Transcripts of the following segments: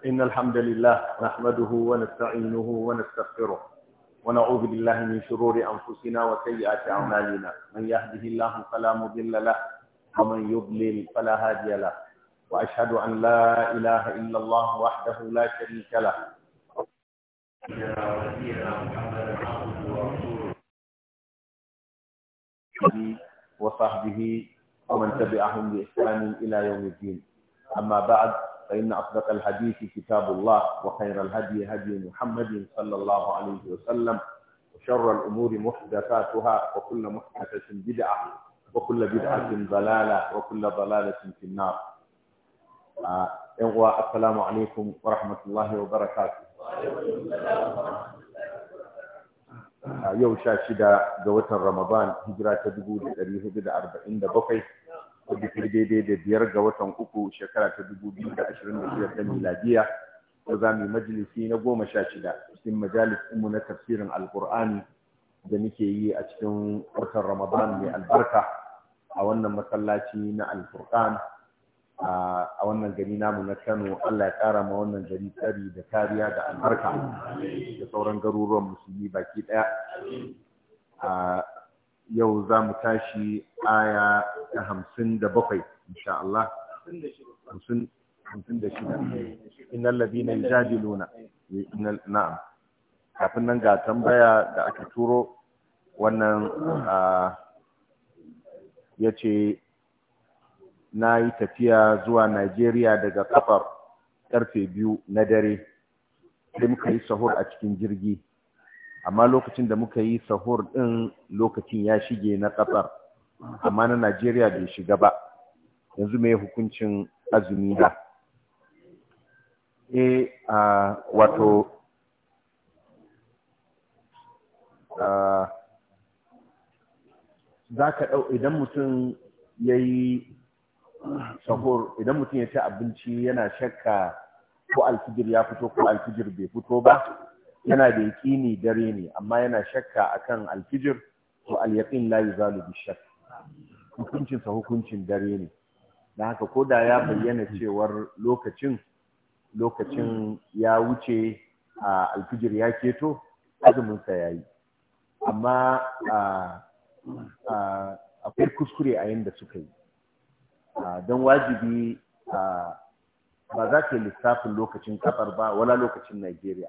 إن الحمد لله نحمده ونستعينه ونستغفره ونعوذ بالله من شرور أنفسنا وسيئات أعمالنا من يهده الله فلا مضل له ومن يضلل فلا هادي له وأشهد أن لا إله إلا الله وحده لا شريك له وصحبه ومن تبعهم بإحسان إلى يوم الدين أما بعد فإن أصدق الحديث كتاب الله وخير الهدي هدي محمد صلى الله عليه وسلم وشر الأمور محدثاتها وكل محدثة بدعة وكل بدعة ضلالة وكل ضلالة في النار إخوة آه السلام عليكم ورحمة الله وبركاته آه يوم شاشدة جوة رمضان هجرة تدقود الأريه بدأ أربعين دبقي wadda daidai da biyar ga watan uku shekara ta dubu biyu da ashirin da biyar ta miladiya ko za mu yi majalisi na goma sha shida cikin majalis mu na tafsirin alkur'ani da muke yi a cikin watan ramadan mai albarka a wannan masallaci na alkur'an a wannan gari namu na kano allah ya kara ma wannan gari tsari da kariya da albarka da sauran garuruwan musulmi baki daya yau za mu tashi aya ta hamsin da bakwai insha Allah hamsin da shida innal ladina jaji luna. na'am kafin nan ga tambaya da aka turo wannan ya ce na yi tafiya zuwa Najeriya daga kafar karfe biyu na dare sai muka yi sahur a cikin jirgi amma lokacin da muka yi sahur ɗin lokacin ya shige na ƙasar amma na najeriya bai shiga ba yanzu mai hukuncin azumi da e eh, a wato za ka ɗau idan mutum ya yi sahur idan mutum ya ci abinci yana shakka ko alfijir ya fito ko alfijir bai fito ba yana da yaƙini dare ne amma yana shakka a kan alfijir to alyaƙin layi la yuzalu bi hukuncin hukuncin dare ne Da haka ko da ya bayyana cewar lokacin lokacin ya wuce a alfijir ya keto azumin sa yayi amma akwai kuskure a yadda suka yi don wajibi ba za ka yi lissafin lokacin kafar ba wala lokacin Najeriya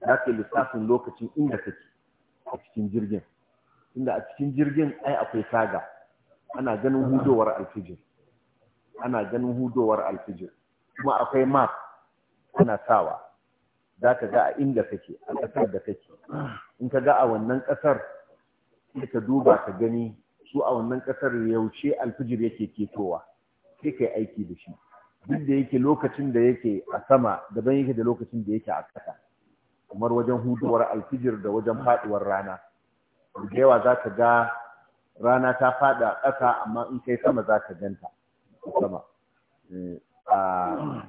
za ka yi lissafin lokacin inda kake a cikin jirgin inda a cikin jirgin ai akwai saga ana ganin hudowar alfijir ana ganin hudowar alfijir kuma akwai map ana sawa za ka ga a inda kake a ƙasar da kake in ka ga a wannan ƙasar sai ka duba ka gani su a wannan ƙasar yaushe alfijir yake ketowa sai ka yi aiki da shi duk da yake lokacin da yake a sama daban yake da lokacin da yake a ƙasa kamar wajen huduwar alfijir da wajen faduwar rana da yawa za ka ga rana ta fada ƙasa amma in kai sama za ka ganta sama eh,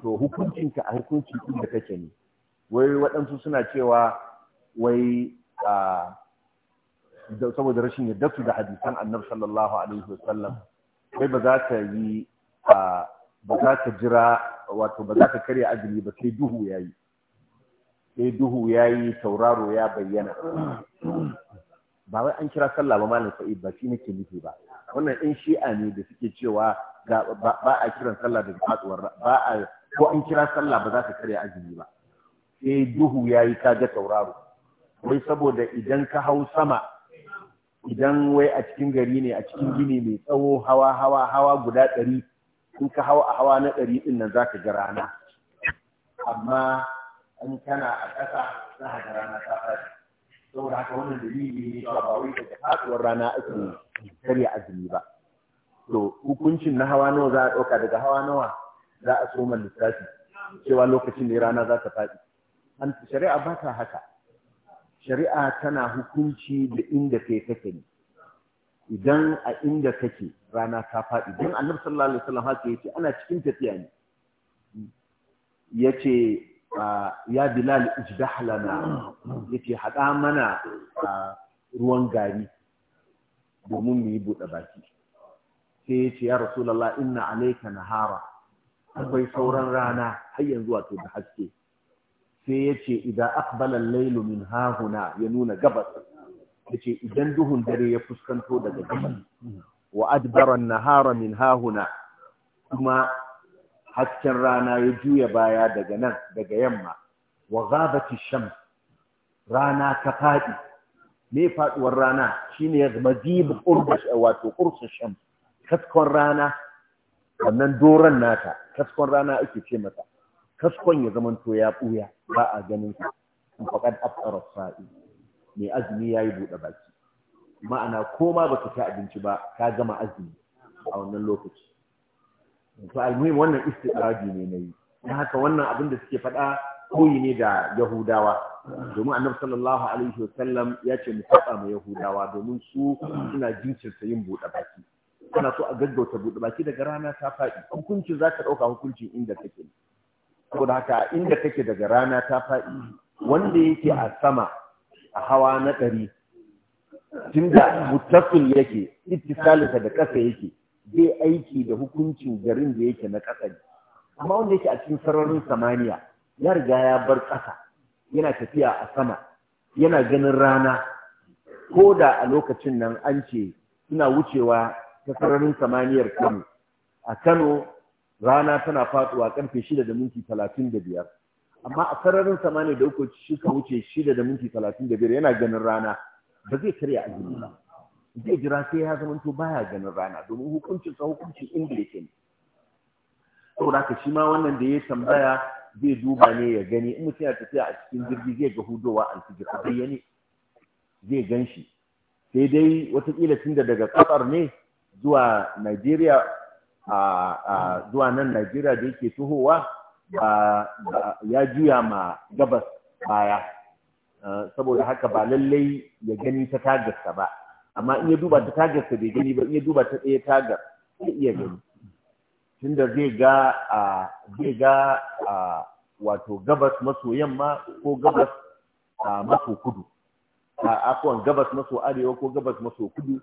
to ka, a hukuncin inda kake ne wai waɗansu suna cewa wai saboda rashin yadda su da hadisan annabi sallallahu alaihi sallam kai ba za ka yi ba za ka jira wato ba za ka karya azumi ba sai duhu yayi sai duhu ya yi tauraro ya bayyana ba wai an kira sallah ba malam sa'id ba shi nake nufi ba wannan in shi'a ne da suke cewa ba a kiran sallah da faduwar ba a ko an kira sallah ba za ka karya azumi ba sai duhu ya yi ga tauraro wai saboda idan ka hau sama idan wai a cikin gari ne a cikin gini mai tsawo hawa hawa hawa guda ɗari in ka hau a hawa na ɗari ɗin nan za ka ga rana amma in tana a ƙasa za ka ga rana ta fara saboda haka wannan dalili ne cewa ba wai daga faɗuwar rana ake karya azumi ba to hukuncin na hawa nawa za a ɗauka daga hawa nawa za a soma lissafi cewa lokacin ne rana za ta faɗi an shari'a ba ta haka shari'a tana hukunci da inda kai kake ne idan a inda kake rana ta faɗi don annabi sallallahu alaihi wasallam haka yace ana cikin tafiya ne yace ya bilal ijdahlana lana yace hada mana ruwan gari domin mu yi buɗe baki sai yace ya rasulullah inna alayka nahara akwai sauran rana har yanzu wato da haske sai yace ida aqbala al-laylu min hahuna ya nuna gabas yace idan duhun dare ya fuskanto daga gabas wa adbara an-nahara min hahuna kuma hasken rana ya juya baya daga nan daga yamma wa zabati shams rana ta fadi me faduwar rana shine ya jibu qurbash wato qursu shams kaskon rana wannan doron nata kaskon rana ake ce mata kaskon ya zama to ya buya ba a ganin sa faqad afara sa'i me azumi yayi bude baki ma'ana koma baka ta abinci ba ka gama azumi a wannan lokaci to almuhim wannan istidraji ne nayi dan haka wannan abin da suke faɗa koyi ne ga yahudawa domin annabi sallallahu alaihi wasallam ya ce mu fada ma yahudawa domin su suna jinkirta yin buɗe baki ana so a gaggauta buɗe baki daga rana ta faɗi hukuncin za ka ɗauka hukuncin inda kake saboda haka inda kake daga rana ta faɗi wanda yake a sama a hawa na ɗari tunda mutasil yake ittisalinsa da ƙasa yake zai aiki da hukuncin garin da yake na ƙasa amma wanda yake a cikin sararin samaniya ya riga ya bar ƙasa yana tafiya a sama yana ganin rana ko da a lokacin nan an ce suna wucewa ta sararin samaniyar kano a kano rana tana faɗuwa ƙarfe shida da minti talatin da biyar amma a sararin samaniya da uku wuce shida da minti talatin da biyar yana ganin rana ba zai karya a azumi ba zai jira sai ya zama to baya ganin rana domin hukuncin sa hukuncin ingilishi ne saboda haka shi ma wannan da ya tambaya zai duba ne ya gani in mutum ya tafiya a cikin jirgi zai ga hudowa alfijir a bayyane zai gan shi sai dai wata watakila tunda daga kasar ne zuwa Najeriya a zuwa nan Najeriya da yake tuhowa ya juya ma gabas baya eh, saboda haka ba lallai ya gani ta tagarsa ba amma in ya duba ta tagar sa bai gani ba in ya duba ta ɗaya tagar zai iya gani tunda zai ga a zai ga a wato gabas maso yamma ko gabas a maso kudu a akwai gabas maso arewa ko gabas maso kudu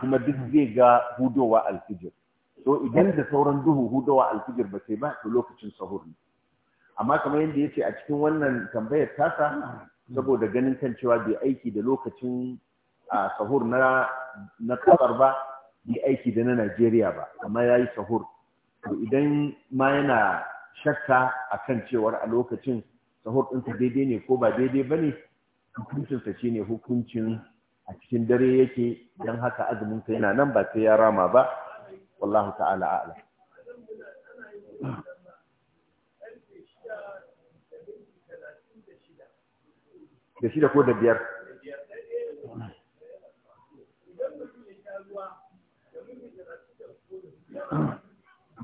kuma duk zai ga hudowa alfijir so idan da sauran duhu hudowa alfijir ba sai ba to lokacin sahur ne amma kamar yadda ya ce a cikin wannan tambayar tasa saboda ganin kan cewa bai aiki da lokacin a sahur na na kasar ba yi aiki da na Najeriya ba amma ya yi sahur to idan ma yana shakka a kan cewar a lokacin sahur ɗinsa daidai ne ko ba daidai ba ne hukuncinsa shi ne hukuncin a cikin dare yake don haka azumin ka yana nan ba sai ya rama ba wallahu ta'ala a'ala da shida ko da biyar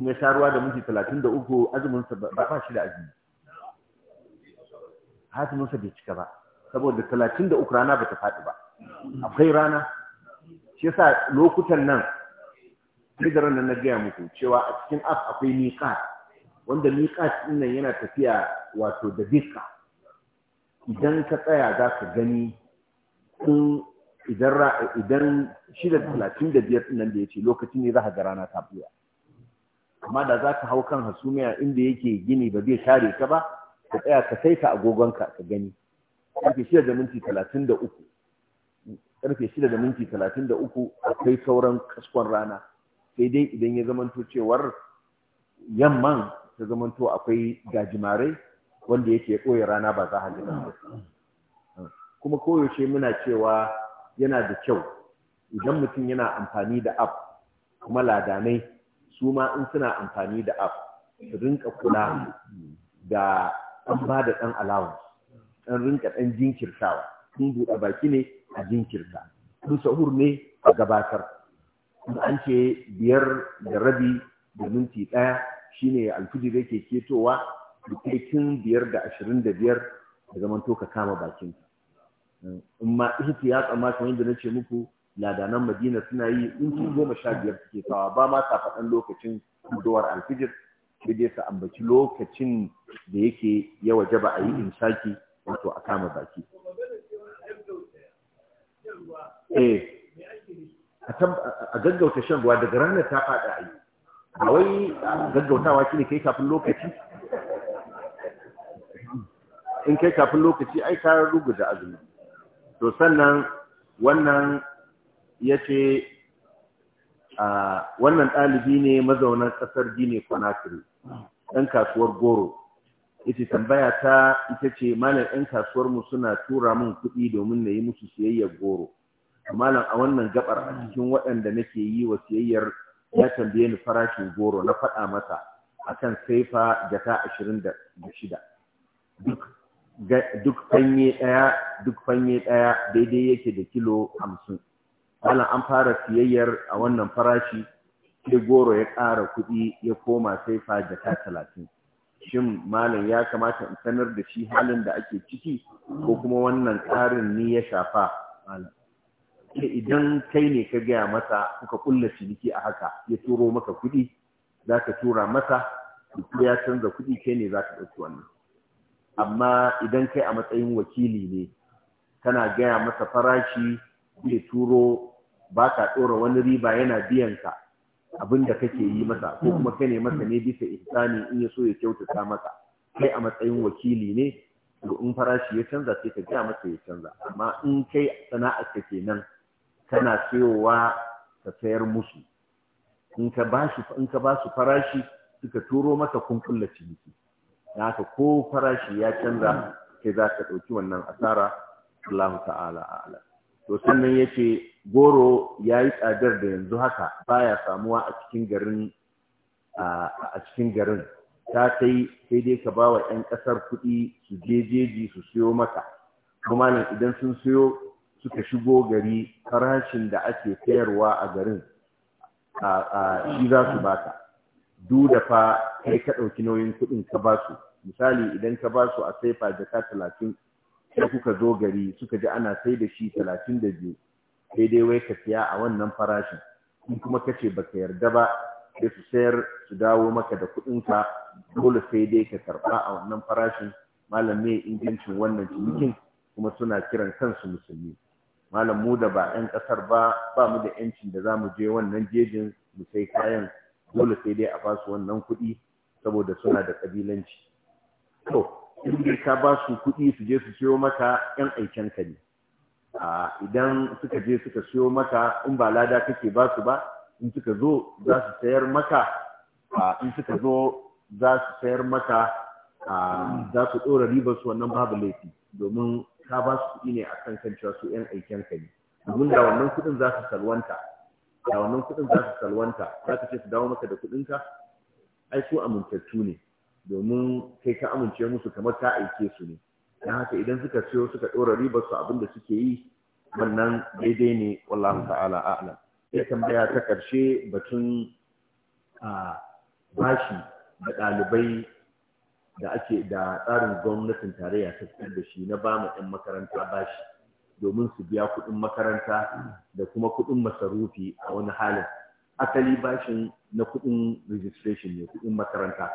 ya sha ruwa da minti talatin da uku azuminsa ba shi da azumi azuminsa bai cika ba saboda talatin da uku rana bata ta faɗi ba akwai rana shi yasa lokutan nan hijiran nan na gaya muku cewa a cikin af akwai miƙa wanda miƙa ɗin nan yana tafiya wato da dika idan ka tsaya za ka gani idan idan shida talatin da biyar nan da ya ce lokacin ne za ka ga rana ta buya amma da za ka hau kan hasumiya inda yake gini ba zai share ka ba ka tsaya ka ka agogon ka gani karfe shida da minti talatin da uku karfe shida da minti talatin da uku akwai sauran kaskon rana sai dai idan ya zamanto cewar yamman ta zamanto akwai gajimarai wanda yake ɓoye rana ba za a ji kuma koyaushe muna cewa yana da kyau idan mutum yana amfani da app kuma ladanai su ma in suna amfani da app su rinka kula da an ba da ɗan allowance ɗan rinka ɗan jinkirtawa sun buɗe baki ne a jinkirta sun sahur ne a gabatar da an ce biyar da rabi da minti ɗaya shine da ke ketowa da kai biyar da ashirin da biyar da zaman to ka kama bakinka in ma ihtiyat amma kamar yadda ce muku ladanan Madina suna yi inci goma sha biyar suke kawa ba ma sa faɗan lokacin fitowar alfijir sai dai su ambaci lokacin da yake ya waje ba a yi in saki wato a kama baki. Eh, a gaggauta shan ruwa daga ranar ta faɗa a yi. A wai gaggautawa shi ne kai kafin lokaci? In kai kafin lokaci ai ka ruguza azumi. to sannan wannan ya ce wannan ɗalibi ne mazaunan ƙasar gine conakry ɗan kasuwar goro ita tambaya ta ita ce malam ɗan kasuwarmu suna tura min kuɗi domin na yi musu siyayyar goro malam a wannan gabar a cikin waɗanda nake yi wa siyayyar ya tambaye ni farashin goro na faɗa masa akan saifa jaka ashirin da shida duk duk fanye ɗaya duk fanye ɗaya daidai yake da kilo hamsin malam an fara siyayyar a wannan farashi sai goro ya ƙara kuɗi ya koma sai fa jaka talatin shin malam ya kamata in sanar da shi halin da ake ciki ko kuma wannan ƙarin ni ya shafa malam idan kai ne ka gaya masa kuka kulla ciniki a haka ya turo maka kuɗi za ka tura masa ko ya canza kuɗi kai ne za ka ɗauki wannan amma idan kai a matsayin wakili ne kana gaya masa farashi zai turo ba ka ɗora wani riba yana biyan ka abin da kake yi masa ko kuma kai ne masa ne bisa ihsani in ya so ya kyautata maka. kai a matsayin wakili ne to in farashi ya canza sai ka gaya masa ya canza amma in kai sana'ar ka kenan kana sayowa ka sayar musu in ka ba su farashi suka turo maka kun kulla ciniki da haka ko farashi ya canza sai za ka ɗauki wannan asara Allah ta'ala a'ala to sannan yace goro ya yi tsadar da yanzu haka baya samuwa a cikin garin a cikin garin ta kai sai dai ka ba wa 'yan ƙasar kuɗi su je jeji su siyo maka kuma nan idan sun siyo suka shigo gari farashin da ake sayarwa a garin a shi za su baka duda da fa kai ka ɗauki nauyin kuɗin ka ba su misali idan ka ba su a saifa jaka talatin sai kuka zo gari suka ji ana sai da shi talatin da biyu sai dai wai ka siya a wannan farashin in kuma ka ce baka yarda ba sai su sayar su dawo maka da kuɗin ka dole sai dai ka karɓa a wannan farashin malam ne ingancin wannan cinikin kuma suna kiran kansu musulmi malam mu da ba 'yan ƙasar ba ba mu da 'yancin da za mu je wannan jejin mu sai kayan dole sai dai a ba su wannan kuɗi saboda suna da ƙabilanci to in dai ka ba su kuɗi su je su siyo maka yan aiken ka ne idan suka je suka siyo maka in ba lada kake ba su ba in suka zo za su sayar maka in suka zo za su sayar maka za su ɗora ribar su wannan babu laifi domin ka ba su kuɗi ne a kan kan cewa su yan aiken ka ne Abin da wannan kuɗin za su salwanta da wannan kuɗin za su salwanta za ka ce su dawo maka da kuɗinka ai su amintattu ne domin kai ka amince musu kamar ka aike su ne don haka idan suka siyo suka ɗora ribar su abin da suke yi wannan daidai ne wallahu ta'ala a'lam sai tambaya ta ƙarshe batun a bashi da ɗalibai da ake da tsarin gwamnatin tarayya ta fitar da shi na ba ma 'yan makaranta bashi domin su biya kuɗin makaranta da kuma kuɗin masarufi a wani halin asali bashin na kuɗin registration ne kuɗin makaranta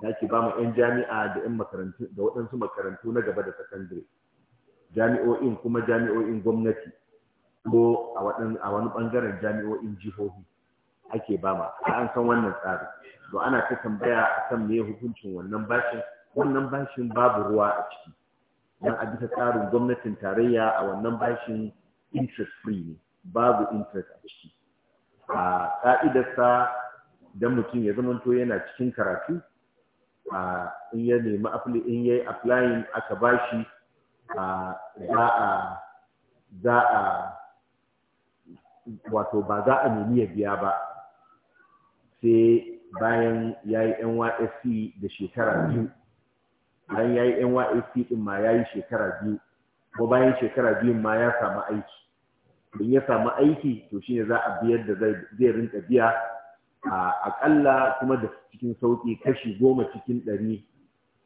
da ake ba mu 'yan jami'a da 'yan makarantu da waɗansu makarantu na gaba da sakandare jami'o'in kuma jami'o'in gwamnati ko a wani ɓangaren jami'o'in jihohi ake ba ma an san wannan tsari to ana ta tambaya a kan me hukuncin wannan bashin wannan bashin babu ruwa a ciki dan a bisa tsarin gwamnatin tarayya a wannan bashin interest free ne babu interest a ciki a ka'idarsa dan mutum ya zama to yana cikin karatu a in ya nemi in ya applying aka bashi a za a za a wato ba za a nemi ya biya ba sai bayan ya yi nysc da shekara biyu Idan ya yi NYSC ɗin ma ya yi shekara biyu ko bayan shekara biyun ma ya samu aiki in ya samu aiki to shine za a biyar da zai rinka biya a akalla kuma da cikin sauƙi kashi goma cikin ɗari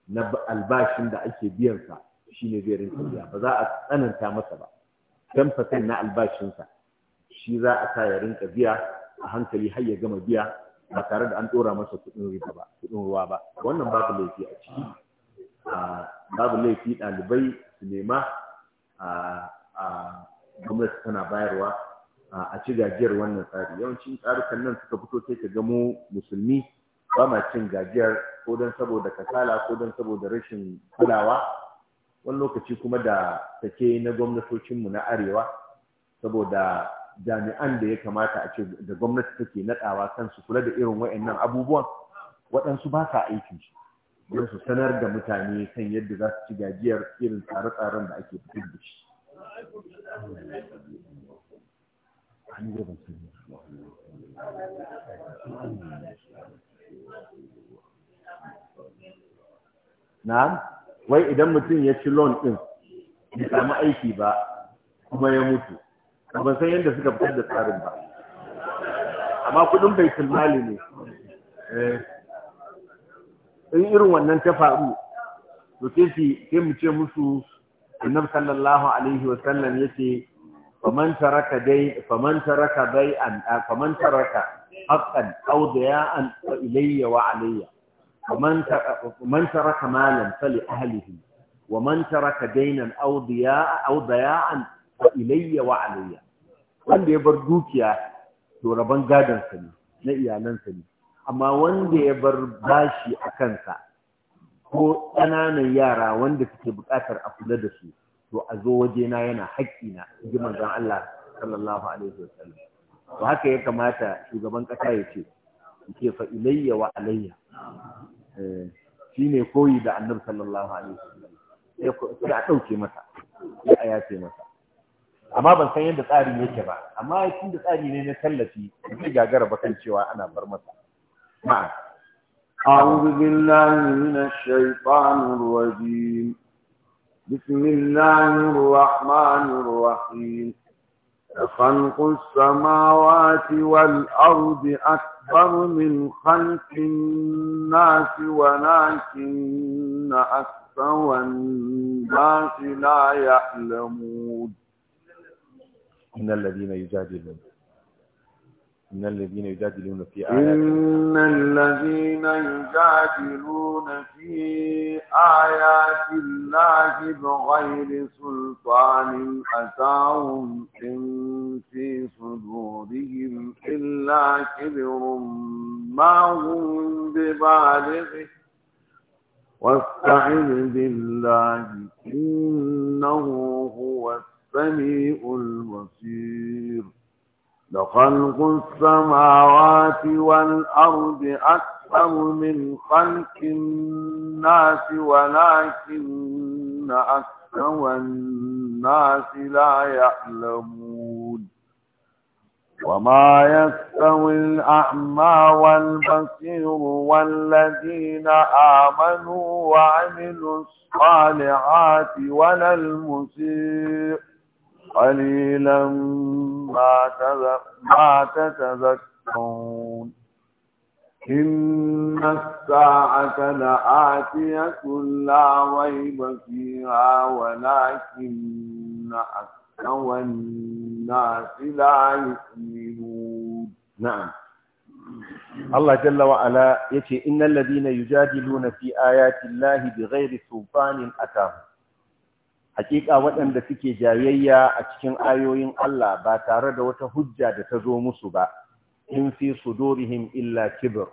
na albashin da ake biyansa shine zai rinka biya ba za a tsananta masa ba ten percent na albashinsa shi za a sa ya rinka biya a hankali har ya gama biya ba tare da an ɗora masa kuɗin riba ba kuɗin ruwa ba wannan babu laifi a ciki babu laifi ɗalibai su nema a gwamnati tana bayarwa a ci gajiyar wannan tsari yawancin tsarukan nan suka fito sai ka gamo musulmi ba ma cin gajiyar ko don saboda kasala ko don saboda rashin kulawa wani lokaci kuma da take na gwamnatocinmu na arewa saboda jami'an da ya kamata a ce da gwamnati take naɗawa kansu kula da irin wa'annan abubuwan waɗansu ba sa aikin shi don su sanar da mutane kan yadda za su ci gajiyar irin tsare-tsaren da ake fitar da shi. Na, wai idan mutum ya ci loan ɗin, bai samu aiki ba, kuma ya mutu, ban san yadda suka fitar da tsarin ba. Amma kudin bai mali ne. Eh. in irin wannan ta faru to sai sai mu ce musu annabi sallallahu alaihi wa sallam yace faman taraka dai faman taraka bai'an faman taraka haqqan aw daya'an fa ilayya wa alayya faman man taraka malan fali ahlihi wa man taraka daynan aw diya'a aw daya'an fa ilayya wa alayya wanda ya bar dukiya to rabon gadan sa ne na iyalansa ne amma wanda ya bar bashi a kansa ko ƙananan yara wanda suke buƙatar a kula da su to a zo wajena yana haƙƙina ji manzon Allah sallallahu alaihi wa sallam to haka ya kamata shugaban ƙasa ya ce ke fa ilayya wa alayya eh, shine koyi da annabi sallallahu alaihi wa sallam sai a ɗauke masa sai a yace masa amma ban san yadda tsarin yake ba amma shi da tsari ne na tallafi zai gagara ba kan cewa ana bar masa أعوذ بالله من الشيطان الرجيم بسم الله الرحمن الرحيم خلق السماوات والأرض أكبر من خلق الناس ولكن أكثر الناس لا يعلمون إن الذين يجادلون إن الذين يجادلون في آياتنا إن الذين يجادلون في آيات الله بغير سلطان أتاهم إن في صدورهم إلا كبر ما هم ببالغه واستعن بالله إنه هو السميع البصير لخلق السماوات والأرض أكثر من خلق الناس ولكن أكثر الناس لا يعلمون وما يستوي الأعمى والبصير والذين آمنوا وعملوا الصالحات ولا المسيء قليلا ما تتذكرون إن الساعة لآتية لا ريب فيها ولكن أكثر الناس لا يؤمنون نعم Allah jalla yace, ala yace innal ladina na fi ayati llahi bighairi sultanin atahum hakika waɗanda suke jayayya a cikin ayoyin Allah ba tare da wata hujja da ta zo musu ba in fi sudurihim illa kibir.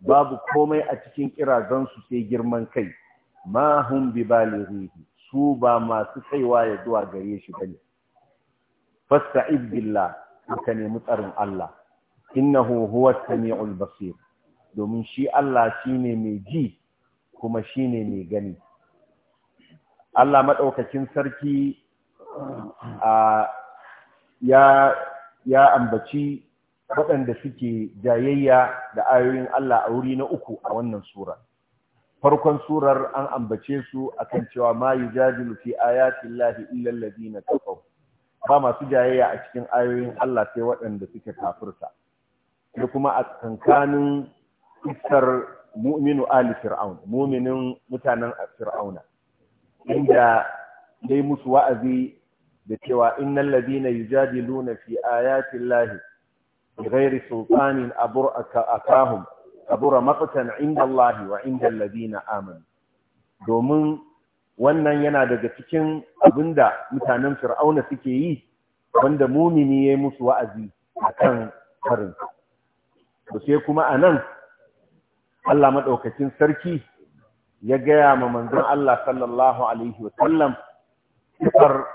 babu komai a cikin kirazansu sai girman kai ma hum bi balighihi su ba masu kaiwa ya zuwa gare shi bane fasta'id billah ka nemi tsarin Allah innahu huwa samiul basir domin shi Allah shine mai ji kuma shine mai gani Allah maɗaukakin sarki ya ambaci waɗanda suke jayayya da ayoyin Allah a wuri na uku a wannan sura. Farkon surar an ambace su akan cewa ma yi jajilu fi ayatin lahi illallazi na kafau. Ba masu jayayya a cikin ayoyin Allah sai waɗanda suke kafirta. Da kuma a kankanin iskar mu'minu ali fir'aun, mu'minin mutanen fir'auna. inda dai musu wa'azi da cewa innal ladina yujadiluna fi ayati llahi bighairi sultanin abur akahum abura maqtan inda allahi wa inda ladina domin wannan yana daga cikin abinda mutanen fir'auna suke yi wanda mumini yayi musu wa'azi akan karin to sai kuma anan Allah maɗaukacin sarki ya gaya ma manzon Allah sallallahu alaihi wa sallam sifar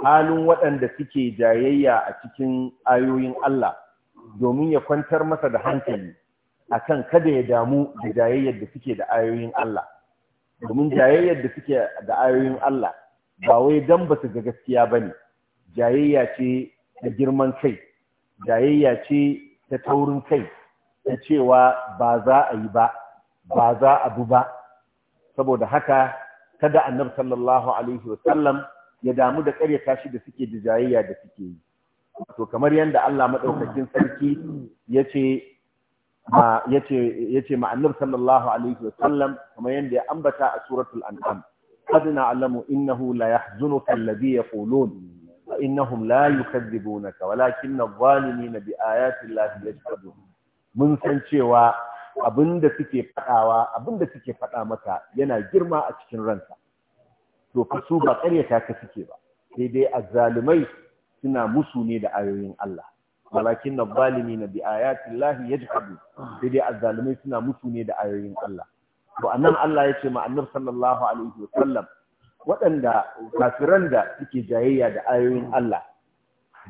halin waɗanda suke jayayya a cikin ayoyin Allah domin ya kwantar masa da hankali akan kada ya damu da jayayyar da suke da ayoyin Allah domin jayayyar da suke da ayoyin Allah ba wai dan ba su ga gaskiya bane jayayya ce ta girman kai jayayya ce ta taurin kai ta cewa ba za a yi ba ba za a bu ba saboda haka kada annabi sallallahu alaihi sallam, ya damu da karyata shi da suke da jayayya da suke yi to kamar yadda Allah maɗaukakin sarki yace ma yace yace ma annabi sallallahu alaihi kamar yadda ya ambata a suratul an'am qad na'lamu innahu la yahzunuka alladhi yaqulun innahum la yukadzibunaka walakinna adh-dhalimina bi ayati llahi yajhadun mun san cewa abinda suke faɗawa abinda suke faɗa mata yana girma a cikin ransa to fa su ba ƙaryata ka suke ba sai dai azzalumai suna musu ne da ayoyin Allah walakin nabalimin bi ayati ya jihadu sai dai azzalumai suna musu ne da ayoyin Allah to annan Allah ya ce ma annabi sallallahu alaihi wa sallam waɗanda kafiran da suke jayayya da ayoyin Allah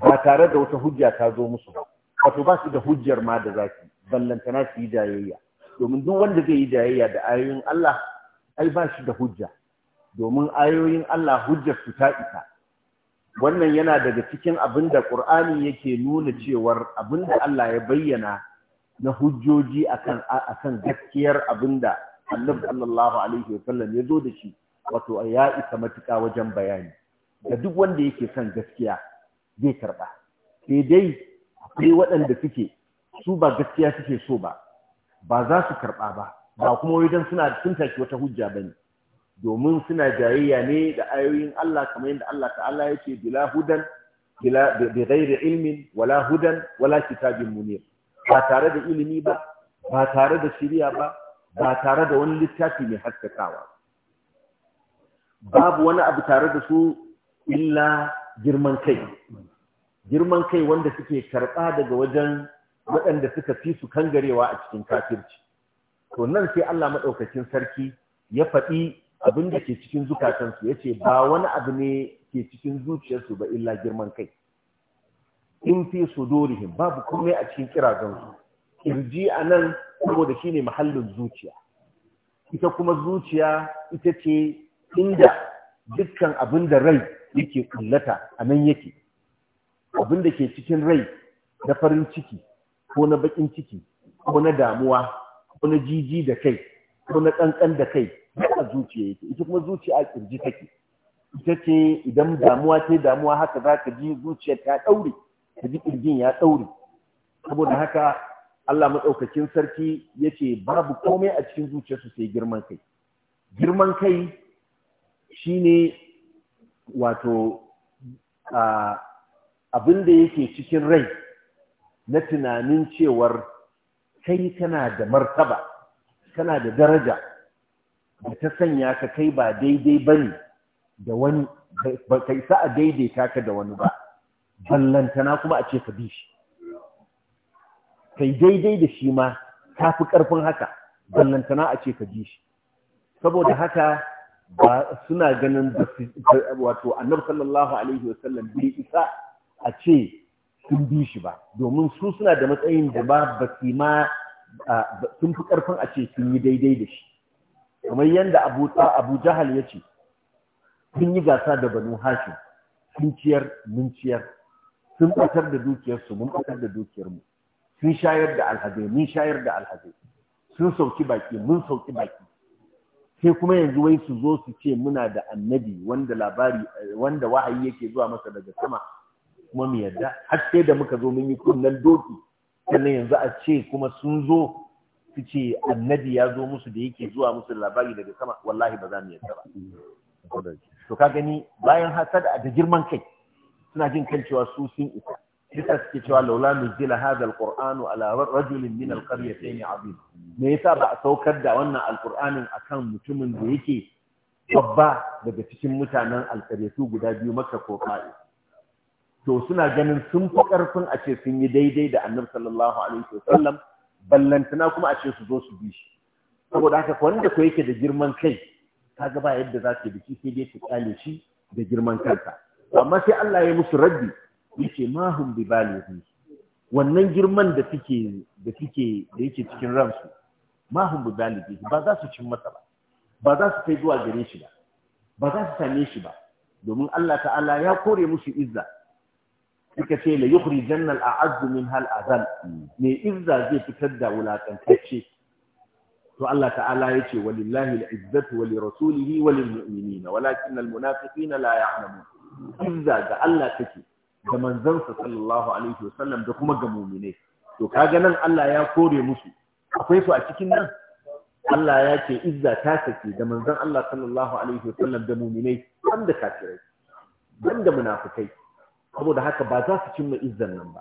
ba tare da wata hujja ta zo musu ba wato ba su da hujjar ma da zaki ballantana su yi jayayya domin duk wanda zai yi jayayya da ayoyin Allah ai ba shi da hujja domin ayoyin Allah hujjar su ta isa wannan yana daga cikin abin da Qur'ani yake nuna cewar abin da Allah ya bayyana na hujjoji akan akan gaskiyar abin da Annabi sallallahu alaihi wasallam ya zo da shi wato ya isa matuƙa wajen bayani da duk wanda yake son gaskiya zai karba sai dai akwai waɗanda suke su ba gaskiya suke so ba ba za su karɓa ba ba kuma wajen suna sun tashi wata hujja ba ne domin suna jayayya ne da ayoyin Allah kamar yadda Allah ta'ala ya ce bila hudan bi ghairi ilmin wala hudan wala kitabin munir ba tare da ilimi ba ba tare da shiriya ba ba tare da wani littafi mai haskakawa babu wani abu tare da su illa girman kai girman kai wanda suke karɓa daga wajen waɗanda suka fi su kangarewa a cikin kafirci to nan sai Allah maɗaukakin sarki ya faɗi abin da ke cikin zukatansu ya ce ba wani abu ne ke cikin zuciyarsu ba illa girman kai in fi su dorihin babu komai a cikin kirazansu kirji a nan saboda shi ne mahallin zuciya ita kuma zuciya ita ce inda dukkan abin da rai yake kullata a nan yake abin da ke cikin rai da farin ciki ko na bakin ciki ko na damuwa ko na jiji da kai ko na kankan da kai a zuciya yake ita kuma zuciya a kirji take ita ce idan damuwa ce damuwa haka za ka ji zuciya ta ɗaure ka ji kirjin ya ɗaure saboda haka Allah maɗaukakin sarki ya ce babu komai a cikin zuciyarsu sai girman kai girman kai shi ne wato abin da yake cikin rai na tunanin cewar kai kana da martaba kana da daraja da ta sanya ka kai ba daidai ba ne da wani ba kai sa a daidaita ka da wani ba ballantana kuma a ce ka bi shi kai daidai da shi ma ta fi ƙarfin haka ballantana a ce ka bi shi saboda haka ba suna ganin da wato annabi sallallahu alaihi wasallam bai isa a ce sun bi shi ba domin su suna da matsayin da ba ba ma sun fi karfin a ce sun yi daidai da shi kamar yadda abu abu jahal ya ce sun yi gasa da banu hashim sun ciyar mun ciyar sun fitar da dukiyar su, mun fitar da dukiyar mu. sun shayar da alhazai mun shayar da alhazai sun sauki baki mun sauki baki sai kuma yanzu wai su zo su ce muna da annabi wanda labari wanda wahayi yake zuwa masa daga sama kuma mu yadda har sai da muka zo mun yi kunnan doki sannan yanzu a ce kuma sun zo su ce annabi ya zo musu da yake zuwa musu labari daga sama wallahi ba za mu yadda ba to ka gani bayan hasada da girman kai suna jin kan cewa su sun isa bisa suke cewa laula nuzila hadha alqur'anu ala rajulin min alqaryatayn azim me yasa ba a saukar da wannan alqur'anin akan mutumin da yake babba daga cikin mutanen alkaryatu guda biyu maka ko fa'i to suna ganin sun fi ƙarfin a ce sun yi daidai da annabi sallallahu alaihi wasallam ballantana kuma a ce su zo su bi shi saboda haka wanda ko yake da girman kai kaga ba yadda za ka biki sai dai ka kyale shi da girman kanka amma sai Allah ya musu raddi yace ma hum bi balighi wannan girman da suke da suke da yake cikin ransu ma hum bi balighi ba za su cin masa ba ba za su kai zuwa gare shi ba ba za su same shi ba domin Allah ta'ala ya kore musu izza suka ce la yukhri jannal a'azz min hal azal me izza zai fitar da wulakantacce to Allah ta'ala yace walillahi al'izzatu wa lirasulihi wa lilmu'minina walakin almunafiqina la ya'lamun izza ga Allah take da manzansa sallallahu alaihi wasallam da kuma ga muminai, to kaga nan Allah ya kore musu akwai su a cikin nan Allah ya ce izza ta take da manzon Allah sallallahu alaihi wasallam da mu'minai banda kafirai banda munafikai saboda haka ba za su cimma izzan nan ba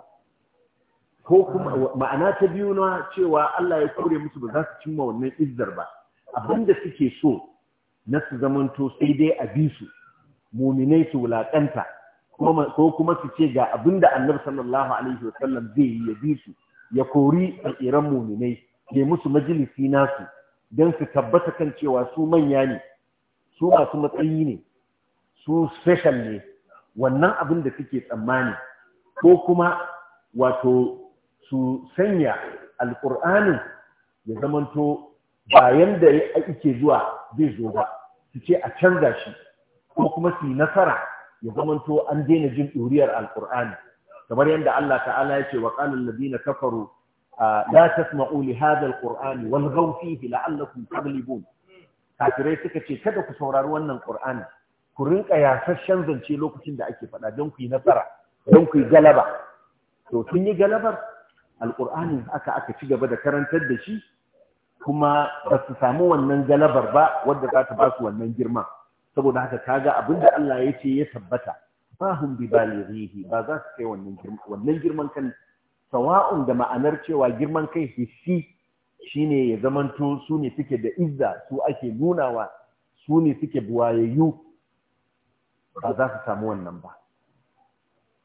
ko kuma ma'ana ta biyu na cewa Allah ya kore musu ba za su cimma wannan izzar ba abinda suke so na su zamanto sai dai a bi su muminai su wulaƙanta, ko kuma su ce ga abinda annabi sallallahu alaihi wasallam zai yi ya bi su ya kori iran muminai ke musu majalisi nasu don su tabbata kan cewa su manya ne su masu matsayi ne su special ne wannan abin da suke tsammani ko kuma wato su sanya alƙur'anin ya zamanto bayan da ake zuwa zai zo ba su ce a canza shi ko kuma su yi nasara ya zamanto an daina jin ɗuriyar alkur'ani kamar yadda Allah ta'ala ya ce wa ƙalin ladina kafaru la tasma'u li wani gaufi wal ghaw la'allakum taghlibun kafirai suka ce kada ku saurari wannan qur'ani ku rinka yasasshen zance lokacin da ake faɗa don ku yi nasara don ku yi galaba to kun yi galabar alƙur'ani aka aka ci gaba da karantar da shi kuma ba su samu wannan galabar ba wadda za ta ba su wannan girma saboda haka kaga abinda Allah ya ce ya tabbata ba hum bi balighihi ba za su kai wannan girman wannan girman kan sawa'un da ma'anar cewa girman kai hissi shine ya zamanto su ne suke da izza su ake nunawa su ne suke buwayayyu ba za su samu wannan ba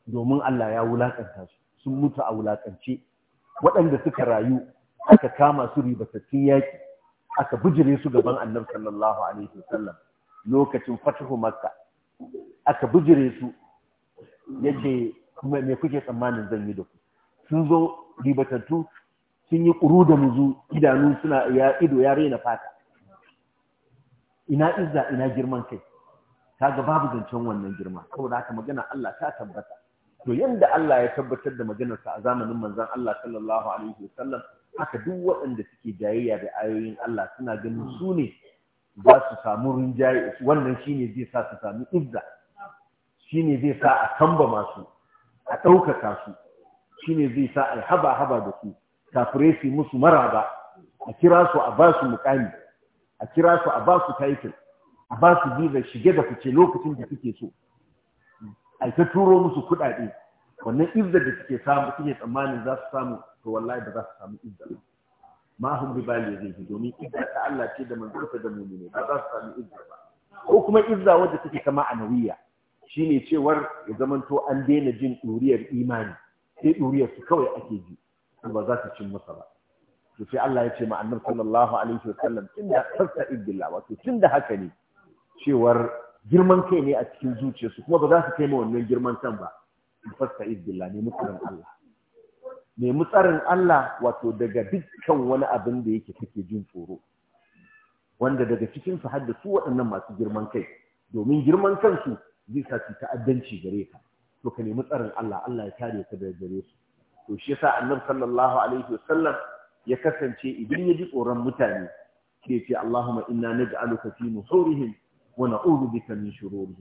domin Allah ya wulaƙanta su sun mutu a wulaƙance. waɗanda suka rayu aka kama su ribatattun yaƙi aka bijire su gaban annabi sallallahu alaihi wasallam lokacin fatihu makka aka bijire su yace me kuke tsammanin zan yi da ku sun zo ribatattu sun yi ƙuru da muzu idanu suna ido ya raina fata ina izza ina girman kai kaga babu zancen wannan girma saboda haka magana Allah ta tabbata to yanda Allah ya tabbatar da maganar sa a zamanin manzon Allah sallallahu alaihi wasallam haka duk waɗanda suke jayayya da ayoyin Allah suna ganin su ne za su samu rinjaye wannan shine zai sa su samu izza shine zai sa a kamba masu a ɗaukaka su shine zai sa a haba haba da su kafirai su musu maraba a kira su a ba su mukami a kira su a ba su title a ba su visa shige da fice lokacin da suke so ai ta turo musu kuɗaɗe wannan izzar da suke samu suke tsammanin za su samu to wallahi ba za su samu izzar ma hum bi bali zai domin izzar ta Allah ce da manzonsa da mu'mini ba za su samu izzar ba ko kuma izza wadda take kama anawiya shine cewar ya zamanto an daina jin ɗuriyar imani sai ɗuriyar su kawai ake ji ba za su cin masa ba to sai Allah ya ce ma annabi sallallahu alaihi wa wasallam inda tarsa ibillah wato tunda haka ne cewar girman kai ne a cikin zuciyarsu kuma ba za su kai ma wannan girman kan ba fasta izbillah ne mutsarin Allah ne mutsarin Allah wato daga dukkan wani abin da yake take jin tsoro wanda daga cikin su hadda su waɗannan masu girman kai domin girman kansu zai sa su ta'addanci gare ka to ka nemi tsarin Allah Allah ya kare ka daga gare su to shi yasa annabi sallallahu alaihi wasallam ya kasance idan ya ji tsoron mutane sai ya ce Allahumma inna naj'aluka fi nuhurihim wa na'udhu bika min shururi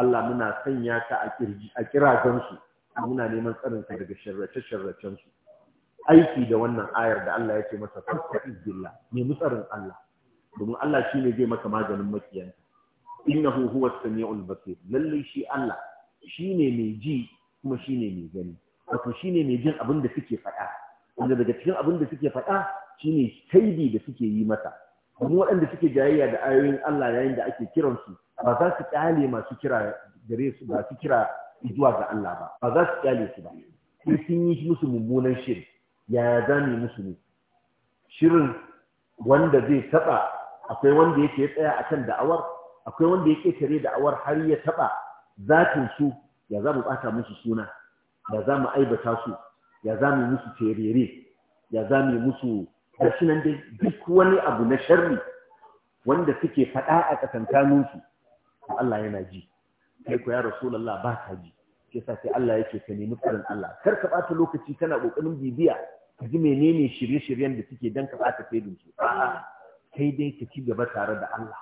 Allah muna sanya ka a kirji a kirazan su muna neman tsarin ka daga sharrace sharracen su aiki da wannan ayar da Allah ya ce masa fastaqi billah nemi tsarin Allah domin Allah shi ne zai maka maganin makiyan innahu huwa as-sami'ul basir lalle shi Allah shi ne mai ji kuma shi ne mai gani wato ne mai jin abin da suke faɗa wanda daga cikin abin da suke faɗa shine kaidi da suke yi mata mu waɗanda suke jayayya da ayoyin Allah yayin da ake kiran su ba za su kyale masu kira gare su ba su kira zuwa ga Allah ba ba za su kyale su ba sai sun yi musu mummunan shirin? yaya za mu musu ne shirin wanda zai taɓa akwai wanda yake tsaya akan da'awar akwai wanda ya da awar har ya taɓa zatin su ya za mu ɓata musu suna ya za mu aibata su ya za mu musu terere ya za mu musu da shi nan dai duk wani abu na sharri wanda suke faɗa a tsakankaninsu Allah yana ji kai ko ya rasulullah ba ka ji Ke sa sai Allah yake ka nemi karin Allah kar ka bata lokaci kana kokarin bibiya ka ji menene shirye-shiryen da suke dan ka bata fedin su a'a kai dai ka ci gaba tare da Allah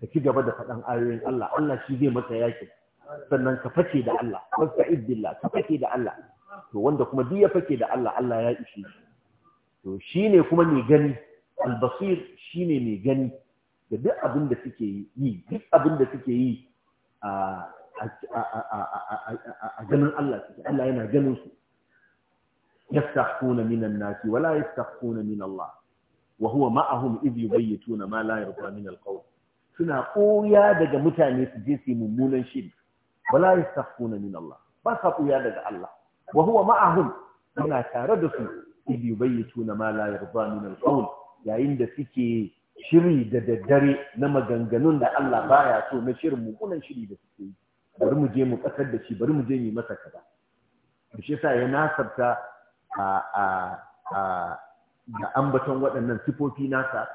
ka ci gaba da faɗan ayoyin Allah Allah shi zai maka yaki sannan ka fake da Allah wasta'id billah ka fake da Allah to wanda kuma duk ya fake da Allah Allah ya ishe shi to shine kuma mai gani albasir shine mai gani da duk abin da suke yi duk abin da suke yi a ganin Allah suke Allah yana ganin su yastahquna minan nasi wala yastahquna min Allah wa huwa ma'ahum idh yubayyituna ma la yarda min alqawl suna koya daga mutane su je su mummunan shiri wala yastahquna min Allah ba sa koya daga Allah wa huwa ma'ahum yana tare da su bayi tuna ma la yarda min al-qawl yayin da suke shiri da daddare na maganganun da Allah baya so na shirin kunan shiri da suke yi bari mu je mu kasar da shi bari mu je mu masa kaza to shi yasa ya nasarta a a a da ambaton waɗannan sifofi nasa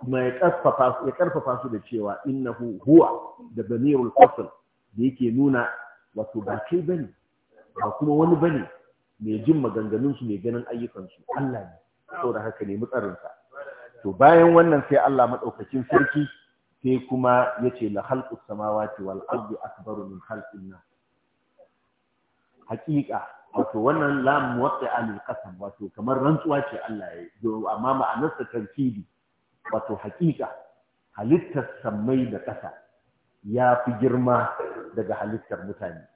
kuma ya karfafa ya karfafa su da cewa innahu huwa da damirul qasl da yake nuna wato ba kai bane ba kuma wani bane mai jin maganganunsu mai ganin ayyukansu Allah ne saboda haka ne mutsarinsa to bayan wannan sai Allah madaukakin sarki sai kuma yace la khalqus samawati wal ardi akbaru min khalqin nas haqiqa wato wannan la muwaqqi'a lil qasam wato kamar rantsuwa ce Allah ya yi amma ma'anar sa tarkibi wato haqiqa halittar samai da ƙasa ya fi girma daga halittar mutane